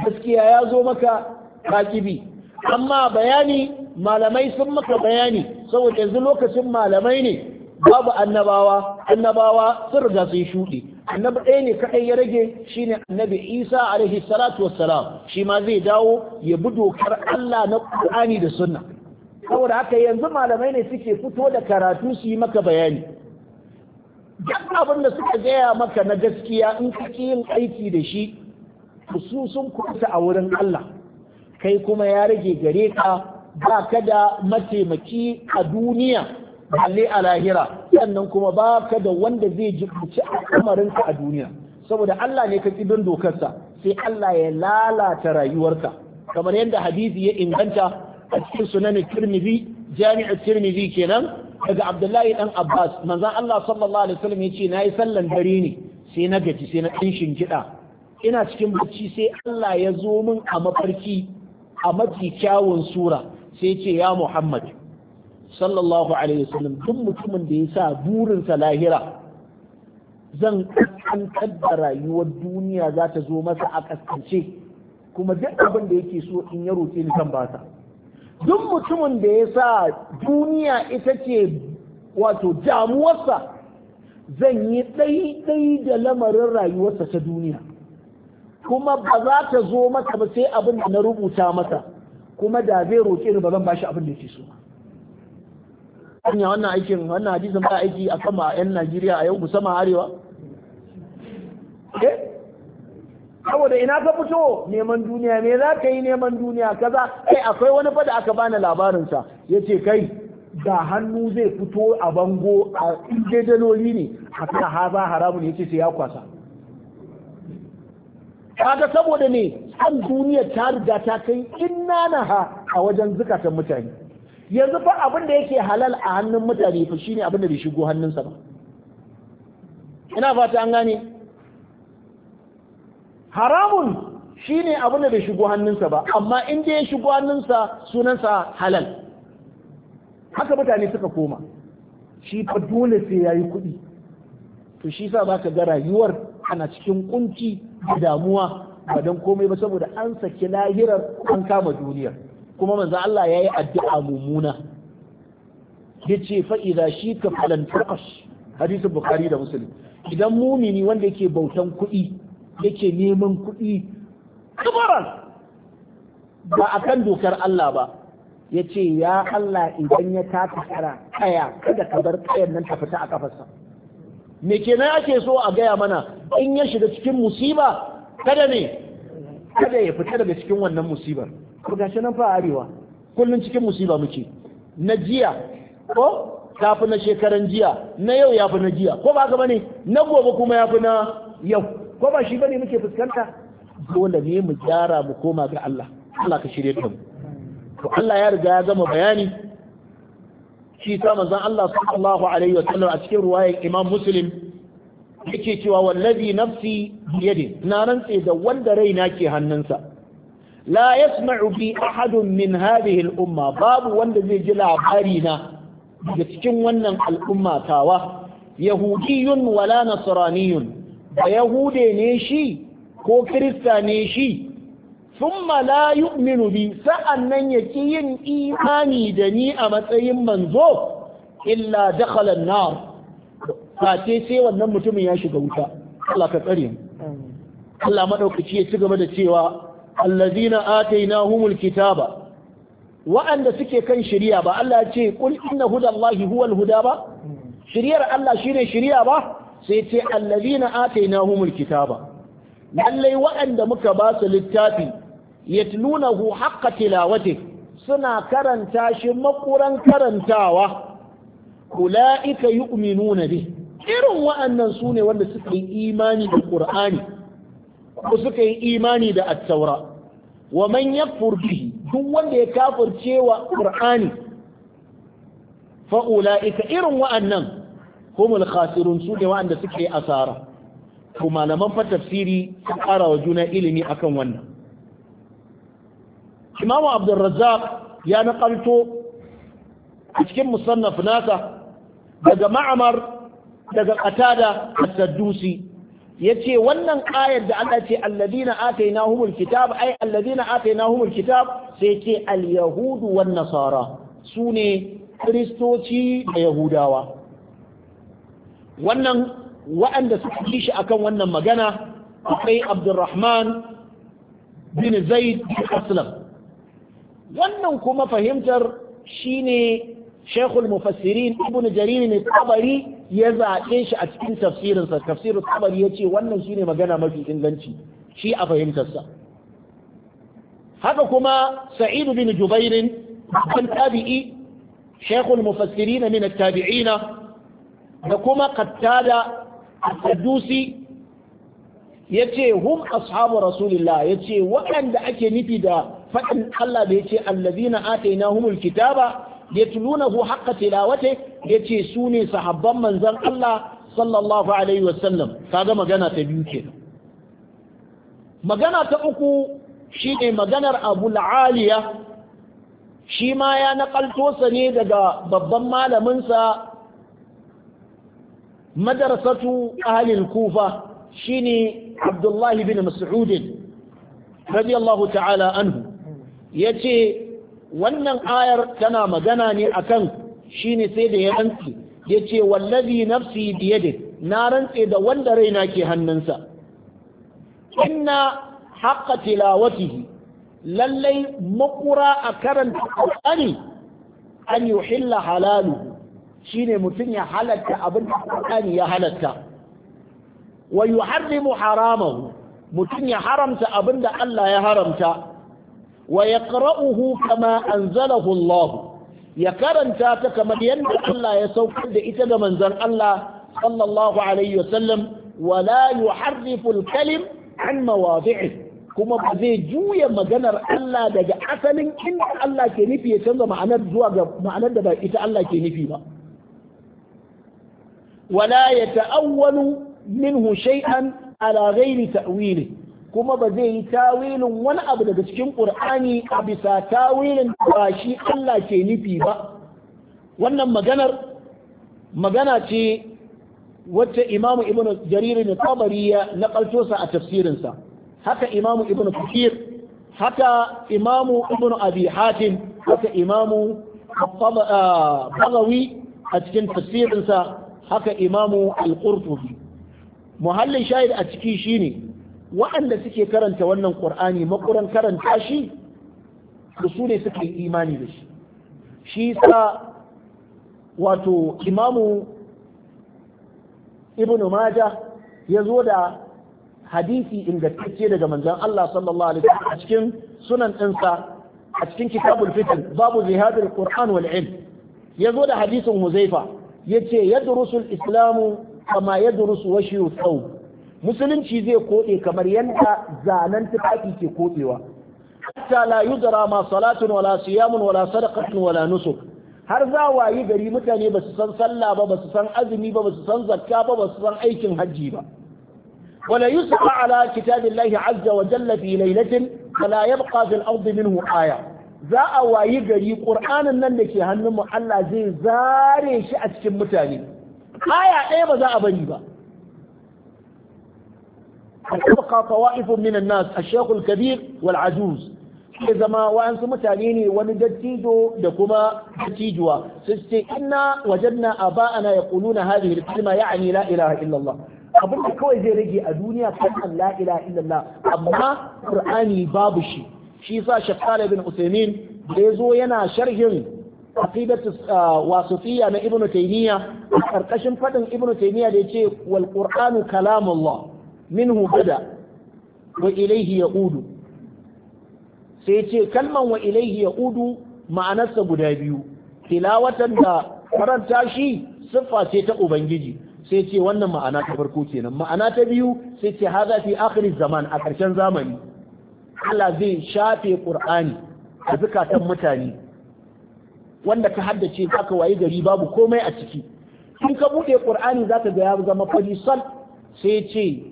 gaskiya ya zo maka kaƙibi amma bayani malamai sun maka bayani saboda yanzu lokacin malamai ne babu annabawa annabawa sun riga sun shuɗe annabi ɗaya ne kaɗai ya rage shine annabi isa alaihi salatu wassalam shi ma zai dawo ya bi dokar allah na ƙur'ani da sunna saboda haka yanzu malamai ne suke fito da karatu su yi maka bayani duk abin da suka gaya maka na gaskiya in kake yin aiki da shi su sun kuta a wurin allah kai kuma ya rage gare ka ba ka da mataimaki a duniya balle a lahira sannan kuma ba ka da wanda zai jibuci al'amarinka a duniya saboda Allah ne ka don dokarsa sai Allah ya lalata rayuwarka kamar yadda hadisi ya inganta a cikin sunanin tirmidhi jami'ar tirmidhi kenan daga abdullahi dan abbas manzon Allah sallallahu alaihi wasallam yace nayi sallan dare ne sai na gaji sai na ɗan shinkiɗa ina cikin bacci sai Allah ya zo min a mafarki a mafi kyawun sura sai ce ya Muhammad sallallahu alaihi wasallam duk mutumin da ya sa burinsa lahira zan kaskantar da rayuwar duniya za ta zo masa a kaskance kuma duk abin da yake so in ya roƙe ni kan basa duk mutumin da ya sa duniya ita ce wato damuwarsa zan yi ɗaiɗai da lamarin rayuwarsa ta duniya kuma ba za ta zo maka ba sai abin da na rubuta maka kuma da zai roƙe ni ba zan bashi abin da yake so hanya wannan aikin wannan hadisin ba aiki a kama 'yan Najeriya a yau musamman arewa eh? saboda ina ka fito neman duniya me za ka yi neman duniya kaza kai akwai wani fada aka bani sa. ya ce kai da hannu zai fito a bango a daloli ne a kan haza haramun ya ce sai ya kwasa kaga saboda ne an duniya ta riga ta kai innanaha a wajen zukatan mutane yanzu fa abin da yake halal a hannun mutane fa shine abin da bai shigo hannunsa ba ina fata an gane haramun shine abin da bai shigo hannunsa ba amma in dai ya shigo hannunsa sunansa halal haka mutane suka koma shi fa dole sai yayi kuɗi to shi sa zaka ga rayuwar ana cikin kunci da damuwa ba don komai ba saboda an saki lahirar an kama duniyar kuma manzo Allah ya yi addu'a mummuna ya ce fa'iza shi ka falan tuqash hadisin bukhari da muslim idan mumini wanda yake bautan kuɗi yake neman kuɗi kabaran ba kan dokar Allah ba ya ce ya Allah idan ya taka kara kaya kada ka bar kayan nan ta fita a kafarsa me kenan ake so a gaya mana in ya shiga cikin musiba kada ne kada ya fita daga cikin wannan musibar ko gashi nan fa arewa kullun cikin musiba muke na jiya ko tafi na shekaran jiya na yau ya fi na jiya ko ba gaba ne na gobe kuma ya fi na yau ko ba shi bane muke fuskanta dole ne mu gyara mu koma ga Allah Allah ka shirye ta mu to Allah ya riga ya gama bayani shi ta manzon Allah sallallahu alaihi wa sallam a cikin ruwayar Imam Muslim yake cewa wallazi nafsi biyadi na rantse da wanda raina ke hannunsa la yasma'u bi ahadun min hadhihi al-umma babu wanda zai ji labari na daga cikin wannan al'umma tawa yahudiyun wala nasraniyun ba yahude ne shi ko kirista ne shi thumma la yu'minu bi sa'annan ya ki yin imani da ni a matsayin manzo illa dakhala an-nar ce sai wannan mutumin ya shiga wuta Allah ka tsare mu Allah madaukaki ya ci gaba da cewa allazina atainahumul kitaba wa'anda suke kan shari'a ba Allah ya ce kul inna hudallahi huwal huda ba shari'ar Allah shine shari'a ba sai ce allazina atainahumul kitaba lallai waɗanda muka ba su littafi yatlunahu haqqa tilawati suna karanta shi makuran karantawa ulaika yu'minuna bi irin wa'annan sune wanda suka yi imani da qur'ani ko suka yi imani da at-taura wa man yakfur bihi duk wanda ya kafirce wa qur'ani fa ulaika irin wa'annan humul khasirun sune wa'anda suke asara Kuma malaman fa tafsiri sun ƙara wa juna ilimi akan wannan imamu abdurrazzaq ya naƙalto a cikin musannaf nasa daga ma'amar daga qatada as-saddusi yace wannan ayar da Allah ce alladina atainahumul kitab ai alladina atainahumul kitab sai ce al-yahudu wan nasara sune kristoci da yahudawa wannan waɗanda suka yi shi akan wannan magana akwai abdurrahman bin zaid bin aslam wannan kuma fahimtar shine shekul mufassirin ibn jarir ne tabari ya zaɓe shi a cikin tafsirinsa tafsirin tabari ya ce wannan shine magana mafi inganci shi a fahimtarsa haka kuma sa'idu bin jubairin babban tabi'i shekul mufassirina min tabi'ina da kuma kattada al-sadusi yace hum ashabu rasulillah yace waɗanda ake nufi da faɗin Allah da ce allazina atainahumul kitaba yatlunahu haqqa tilawati yace su ne sahabban manzon Allah sallallahu alaihi wasallam kaga magana ta biyu kenan magana ta uku shine maganar Abu Aliya shi ma ya nakalto sa ne daga babban malaminsa madarsatu ahlil kufa shine abdullahi bin masudin radiyallahu ta'ala anhu ya ce wannan ayar tana magana ne akan ne sai da ya rantsi ya ce wallazi nafsi biyade na rantse da wanda raina ke hannunsa inna haqqa tilawatihi lallai makura a karanta alƙari an yi hilla halalu ne mutum ya halatta abin da alƙari ya halatta wa mu haramahu mutum ya haramta abin da Allah ya haramta wa yaqra'uhu kama anzalahu Allah ya karanta ta kamar yadda Allah ya saukar da ita ga manzon Allah sallallahu alaihi wasallam wa la kalim an mawazi'i kuma ba zai juya maganar Allah daga asalin inda Allah ke nufi ya canza ma'anar zuwa ga ma'anar da ba ita Allah ke nufi ba wala ya ta'awwalu minhu shay'an ala ghairi ta'wili kuma ba zai yi tawilin wani abu daga cikin ƙur'ani a bisa tawilin ba shi Allah ke nufi ba wannan maganar magana ce wacce imamu ibn jarir ne tabari ya nakalto sa a tafsirinsa haka imamu ibn fakir haka imamu ibn abi hatim haka imamu ah, bagawi a cikin tafsirinsa haka imamu al-qurtubi muhallin shahid a ciki shine waɗanda suke karanta wannan ƙur'ani makuran karanta shi da su ne suka yi imani da shi shi sa wato imamu ibnu maja ya zo da hadisi ingantacce daga manzon Allah sallallahu alaihi wasallam a cikin sunan ɗinsa a cikin kitabul fitin, babu jihadul qur'an wal ilm ya zo da hadisin huzaifa yace yadrusul islamu kama yadrusu washiyu thawb musulunci zai koɗe kamar yadda zanen tufafi ke koɗewa hatta la yudra ma salatun wala siyamun wala sadaqatun wala nusuk har za wayi gari mutane ba su san sallah ba ba su san azumi ba ba su san zakka ba ba su san aikin hajji ba wala yusqa ala kitabillahi azza wa jalla fi laylatin wala yabqa fil ardi minhu aya za a wayi gari qur'anin nan da ke hannun mu Allah zai zare shi a cikin mutane aya ɗaya ba za a bari ba تبقى طوائف من الناس الشيخ الكبير والعجوز sai zama wa'ansu mutane ne wani dattijo da kuma dattijuwa su ce inna wajanna aba'ana yaquluna hadhihi al-kalima ya'ni la ilaha illa Allah abin da kawai zai rage a duniya kan la ilaha amma qur'ani babu shi shi yasa shakkala bin usaimin da yazo yana sharhin aqidatu wasifiyya na ibnu taymiya karkashin fadin ibnu taymiya da yace wal qur'anu kalamullah Min bada wa ilaihi yaudu sai ce kalman wa ma'anarsa guda biyu tilawatan da faranta shi siffa ce ta ubangiji sai ce wannan ma'ana ta farko kenan ma'ana ta biyu sai ce haza fi akhiriz zaman a ƙarshen zamani Allah zai shafe Qur'ani a zukatan mutane wanda ka haddace zaka wayi gari babu komai a ciki in ka bude Qur'ani zaka ga ya zama fari sal sai ce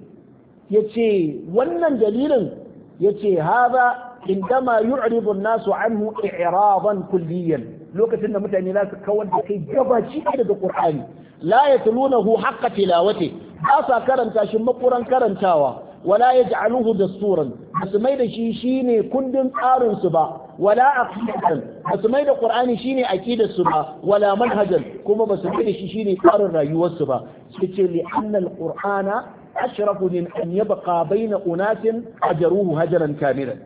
ya ce wannan dalilin ya ce haza indama yu'ribu nasu anhu i'raban kulliyan lokacin da mutane za su kawar da kai gabaci daga qur'ani la yatlunahu haqqa tilawati ba sa karanta shi makuran karantawa wala yaj'aluhu dasturan su mai da shi shine kundin tsarin su ba wala aqidatan su mai da qur'ani shine aqidar su ba wala manhajan kuma ba su mai da shi shine tsarin rayuwar su ba Yace li anna al-qur'ana ashrafu in ya baka baina unatin ajaruhu hajaran kamilan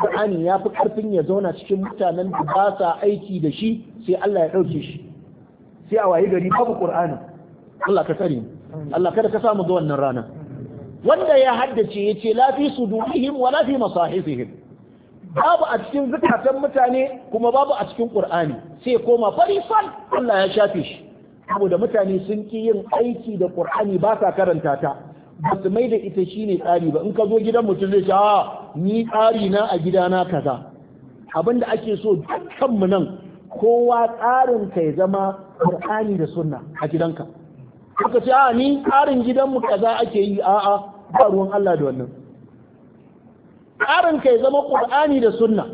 Qur'ani ya fi karfin ya zauna cikin mutanen da ba sa aiki da shi sai Allah ya dauke shi sai a waye gari babu Qur'ani Allah ka sani Allah kada ka samu ga rana wanda ya haddace ya ce lafi sudurihim wa la fi masahifihim babu a cikin zukatan mutane kuma babu a cikin Kur'ani sai koma farifan Allah ya shafe shi saboda mutane sun ki yin aiki da Qur'ani ba sa karanta ta ba su mai da ita shine tsari ba in ka zo gidan mutum zai ce a ni tsari na a gidana kaza abin da ake so dukkanmu nan kowa tsarin ka ya zama Qur'ani da sunna a gidanka haka ce a ni tsarin gidanmu kaza ake yi a'a ba ruwan Allah da wannan tsarin ka ya zama Qur'ani da sunna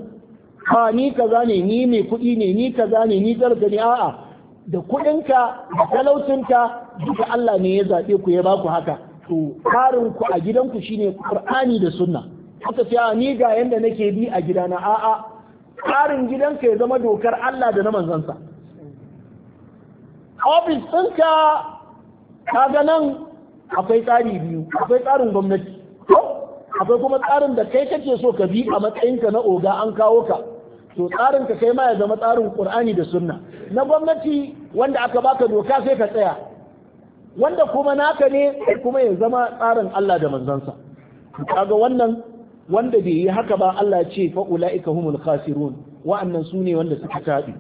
a ni kaza ne ni mai kuɗi ne ni kaza ne ni zarga ne a'a da kuɗinka da talaucinka duka Allah ne ya zaɓe ku ya baku haka to karin ku a gidanku shine Qur'ani da Sunna haka sai ah, ni ga yanda nake bi a gidana a'a karin gidanka ya zama dokar Allah da na manzansa ofis ɗinka kaga nan akwai tsari biyu akwai tsarin gwamnati akwai kuma tsarin da kai kake so ka bi a matsayinka na oga an kawo ka to tsarin ka kai ma ya zama tsarin qur'ani da sunna na gwamnati wanda aka baka doka sai ka tsaya wanda kuma naka ne kuma ya zama tsarin Allah da manzansa kaga wannan wanda bai yi haka ba Allah ce fa ulaika humul khasirun wa'annan su ne wanda suka tabi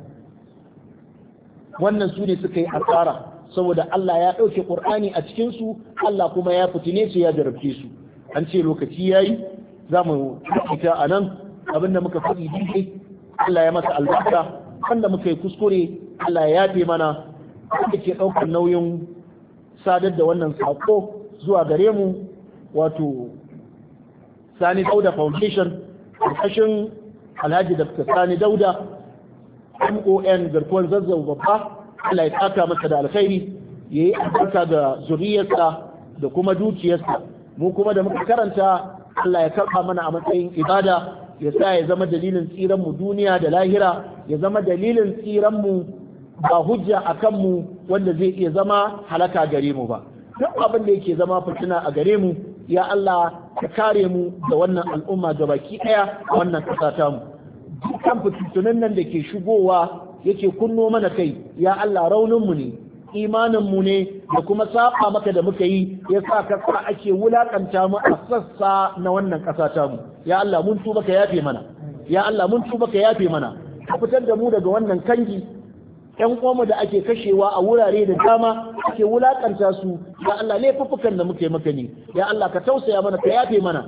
wannan su ne suka yi asara saboda Allah ya dauke Qur'ani a cikin su Allah kuma ya fitine su ya jarabce su an ce lokaci yayi za mu fita a nan abinda muka faɗi dai Allah ya masa albarka wanda muka yi kuskure Allah ya yafe mana wanda ke ɗaukar nauyin sadar da wannan sako zuwa gare mu wato sani dauda foundation ƙarƙashin alhaji dr sani dauda mon garkuwar zazzau babba allah ya taka masa da alkhairi ya yi albarka ga zuriyarsa da kuma dukiyarsa mu kuma da muka karanta allah ya karɓa mana a matsayin ibada ya sa ya zama dalilin tsiranmu duniya da lahira ya zama dalilin mu ba hujja a kanmu wanda zai iya zama halaka gare mu ba duk abin da yake zama fitina a gare mu ya Allah ka kare mu da wannan al'umma da baki daya a wannan kasa ta mu dukkan fitintunan nan da ke shigowa yake kunno mana kai ya Allah raunin mu ne imanin mu ne da kuma saba maka da muka yi ya sa ka sa ake wulakanta mu a sassa na wannan kasa ta mu ya Allah mun tuba ka yafe mana ya Allah mun tuba ka yafe mana ka fitar da mu daga wannan kangi yan uwanmu da ake kashewa a wurare da dama ake wulakanta su ya Allah laifuffukan da muke maka ne ya Allah ka tausaya mana ka yafe mana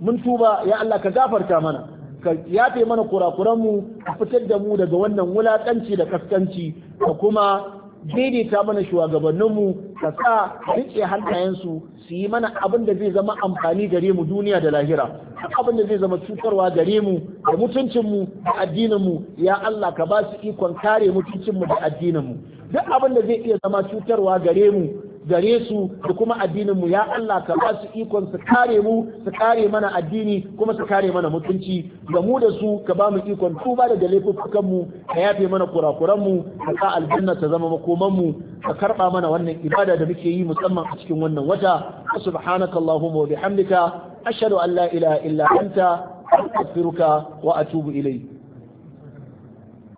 mun tuba ya Allah ka gafarta mana ka yafe mana kurakuranmu ka fitar da mu daga wannan wulakanci da kaskanci da kuma daidaita mana shugabanninmu ka sa rike hannayensu su yi mana abin da zai zama amfani gare mu duniya da lahira abin da zai zama cutarwa gare mu da mutuncinmu da addininmu ya Allah ka ba su ikon kare mutuncinmu da addininmu duk abin da zai iya zama cutarwa gare mu gare su da kuma addinin mu ya Allah ka ba su ikon su kare mu su kare mana addini kuma su kare mana mutunci da mu da su ka ba mu ikon tuba da laifukan mu ka yafe mana kurakuran mu ka sa aljanna ta zama makoman mu ka karba mana wannan ibada da muke yi musamman a cikin wannan wata subhanakallahumma wa bihamdika ashhadu an la ilaha illa anta astaghfiruka wa atubu ilayk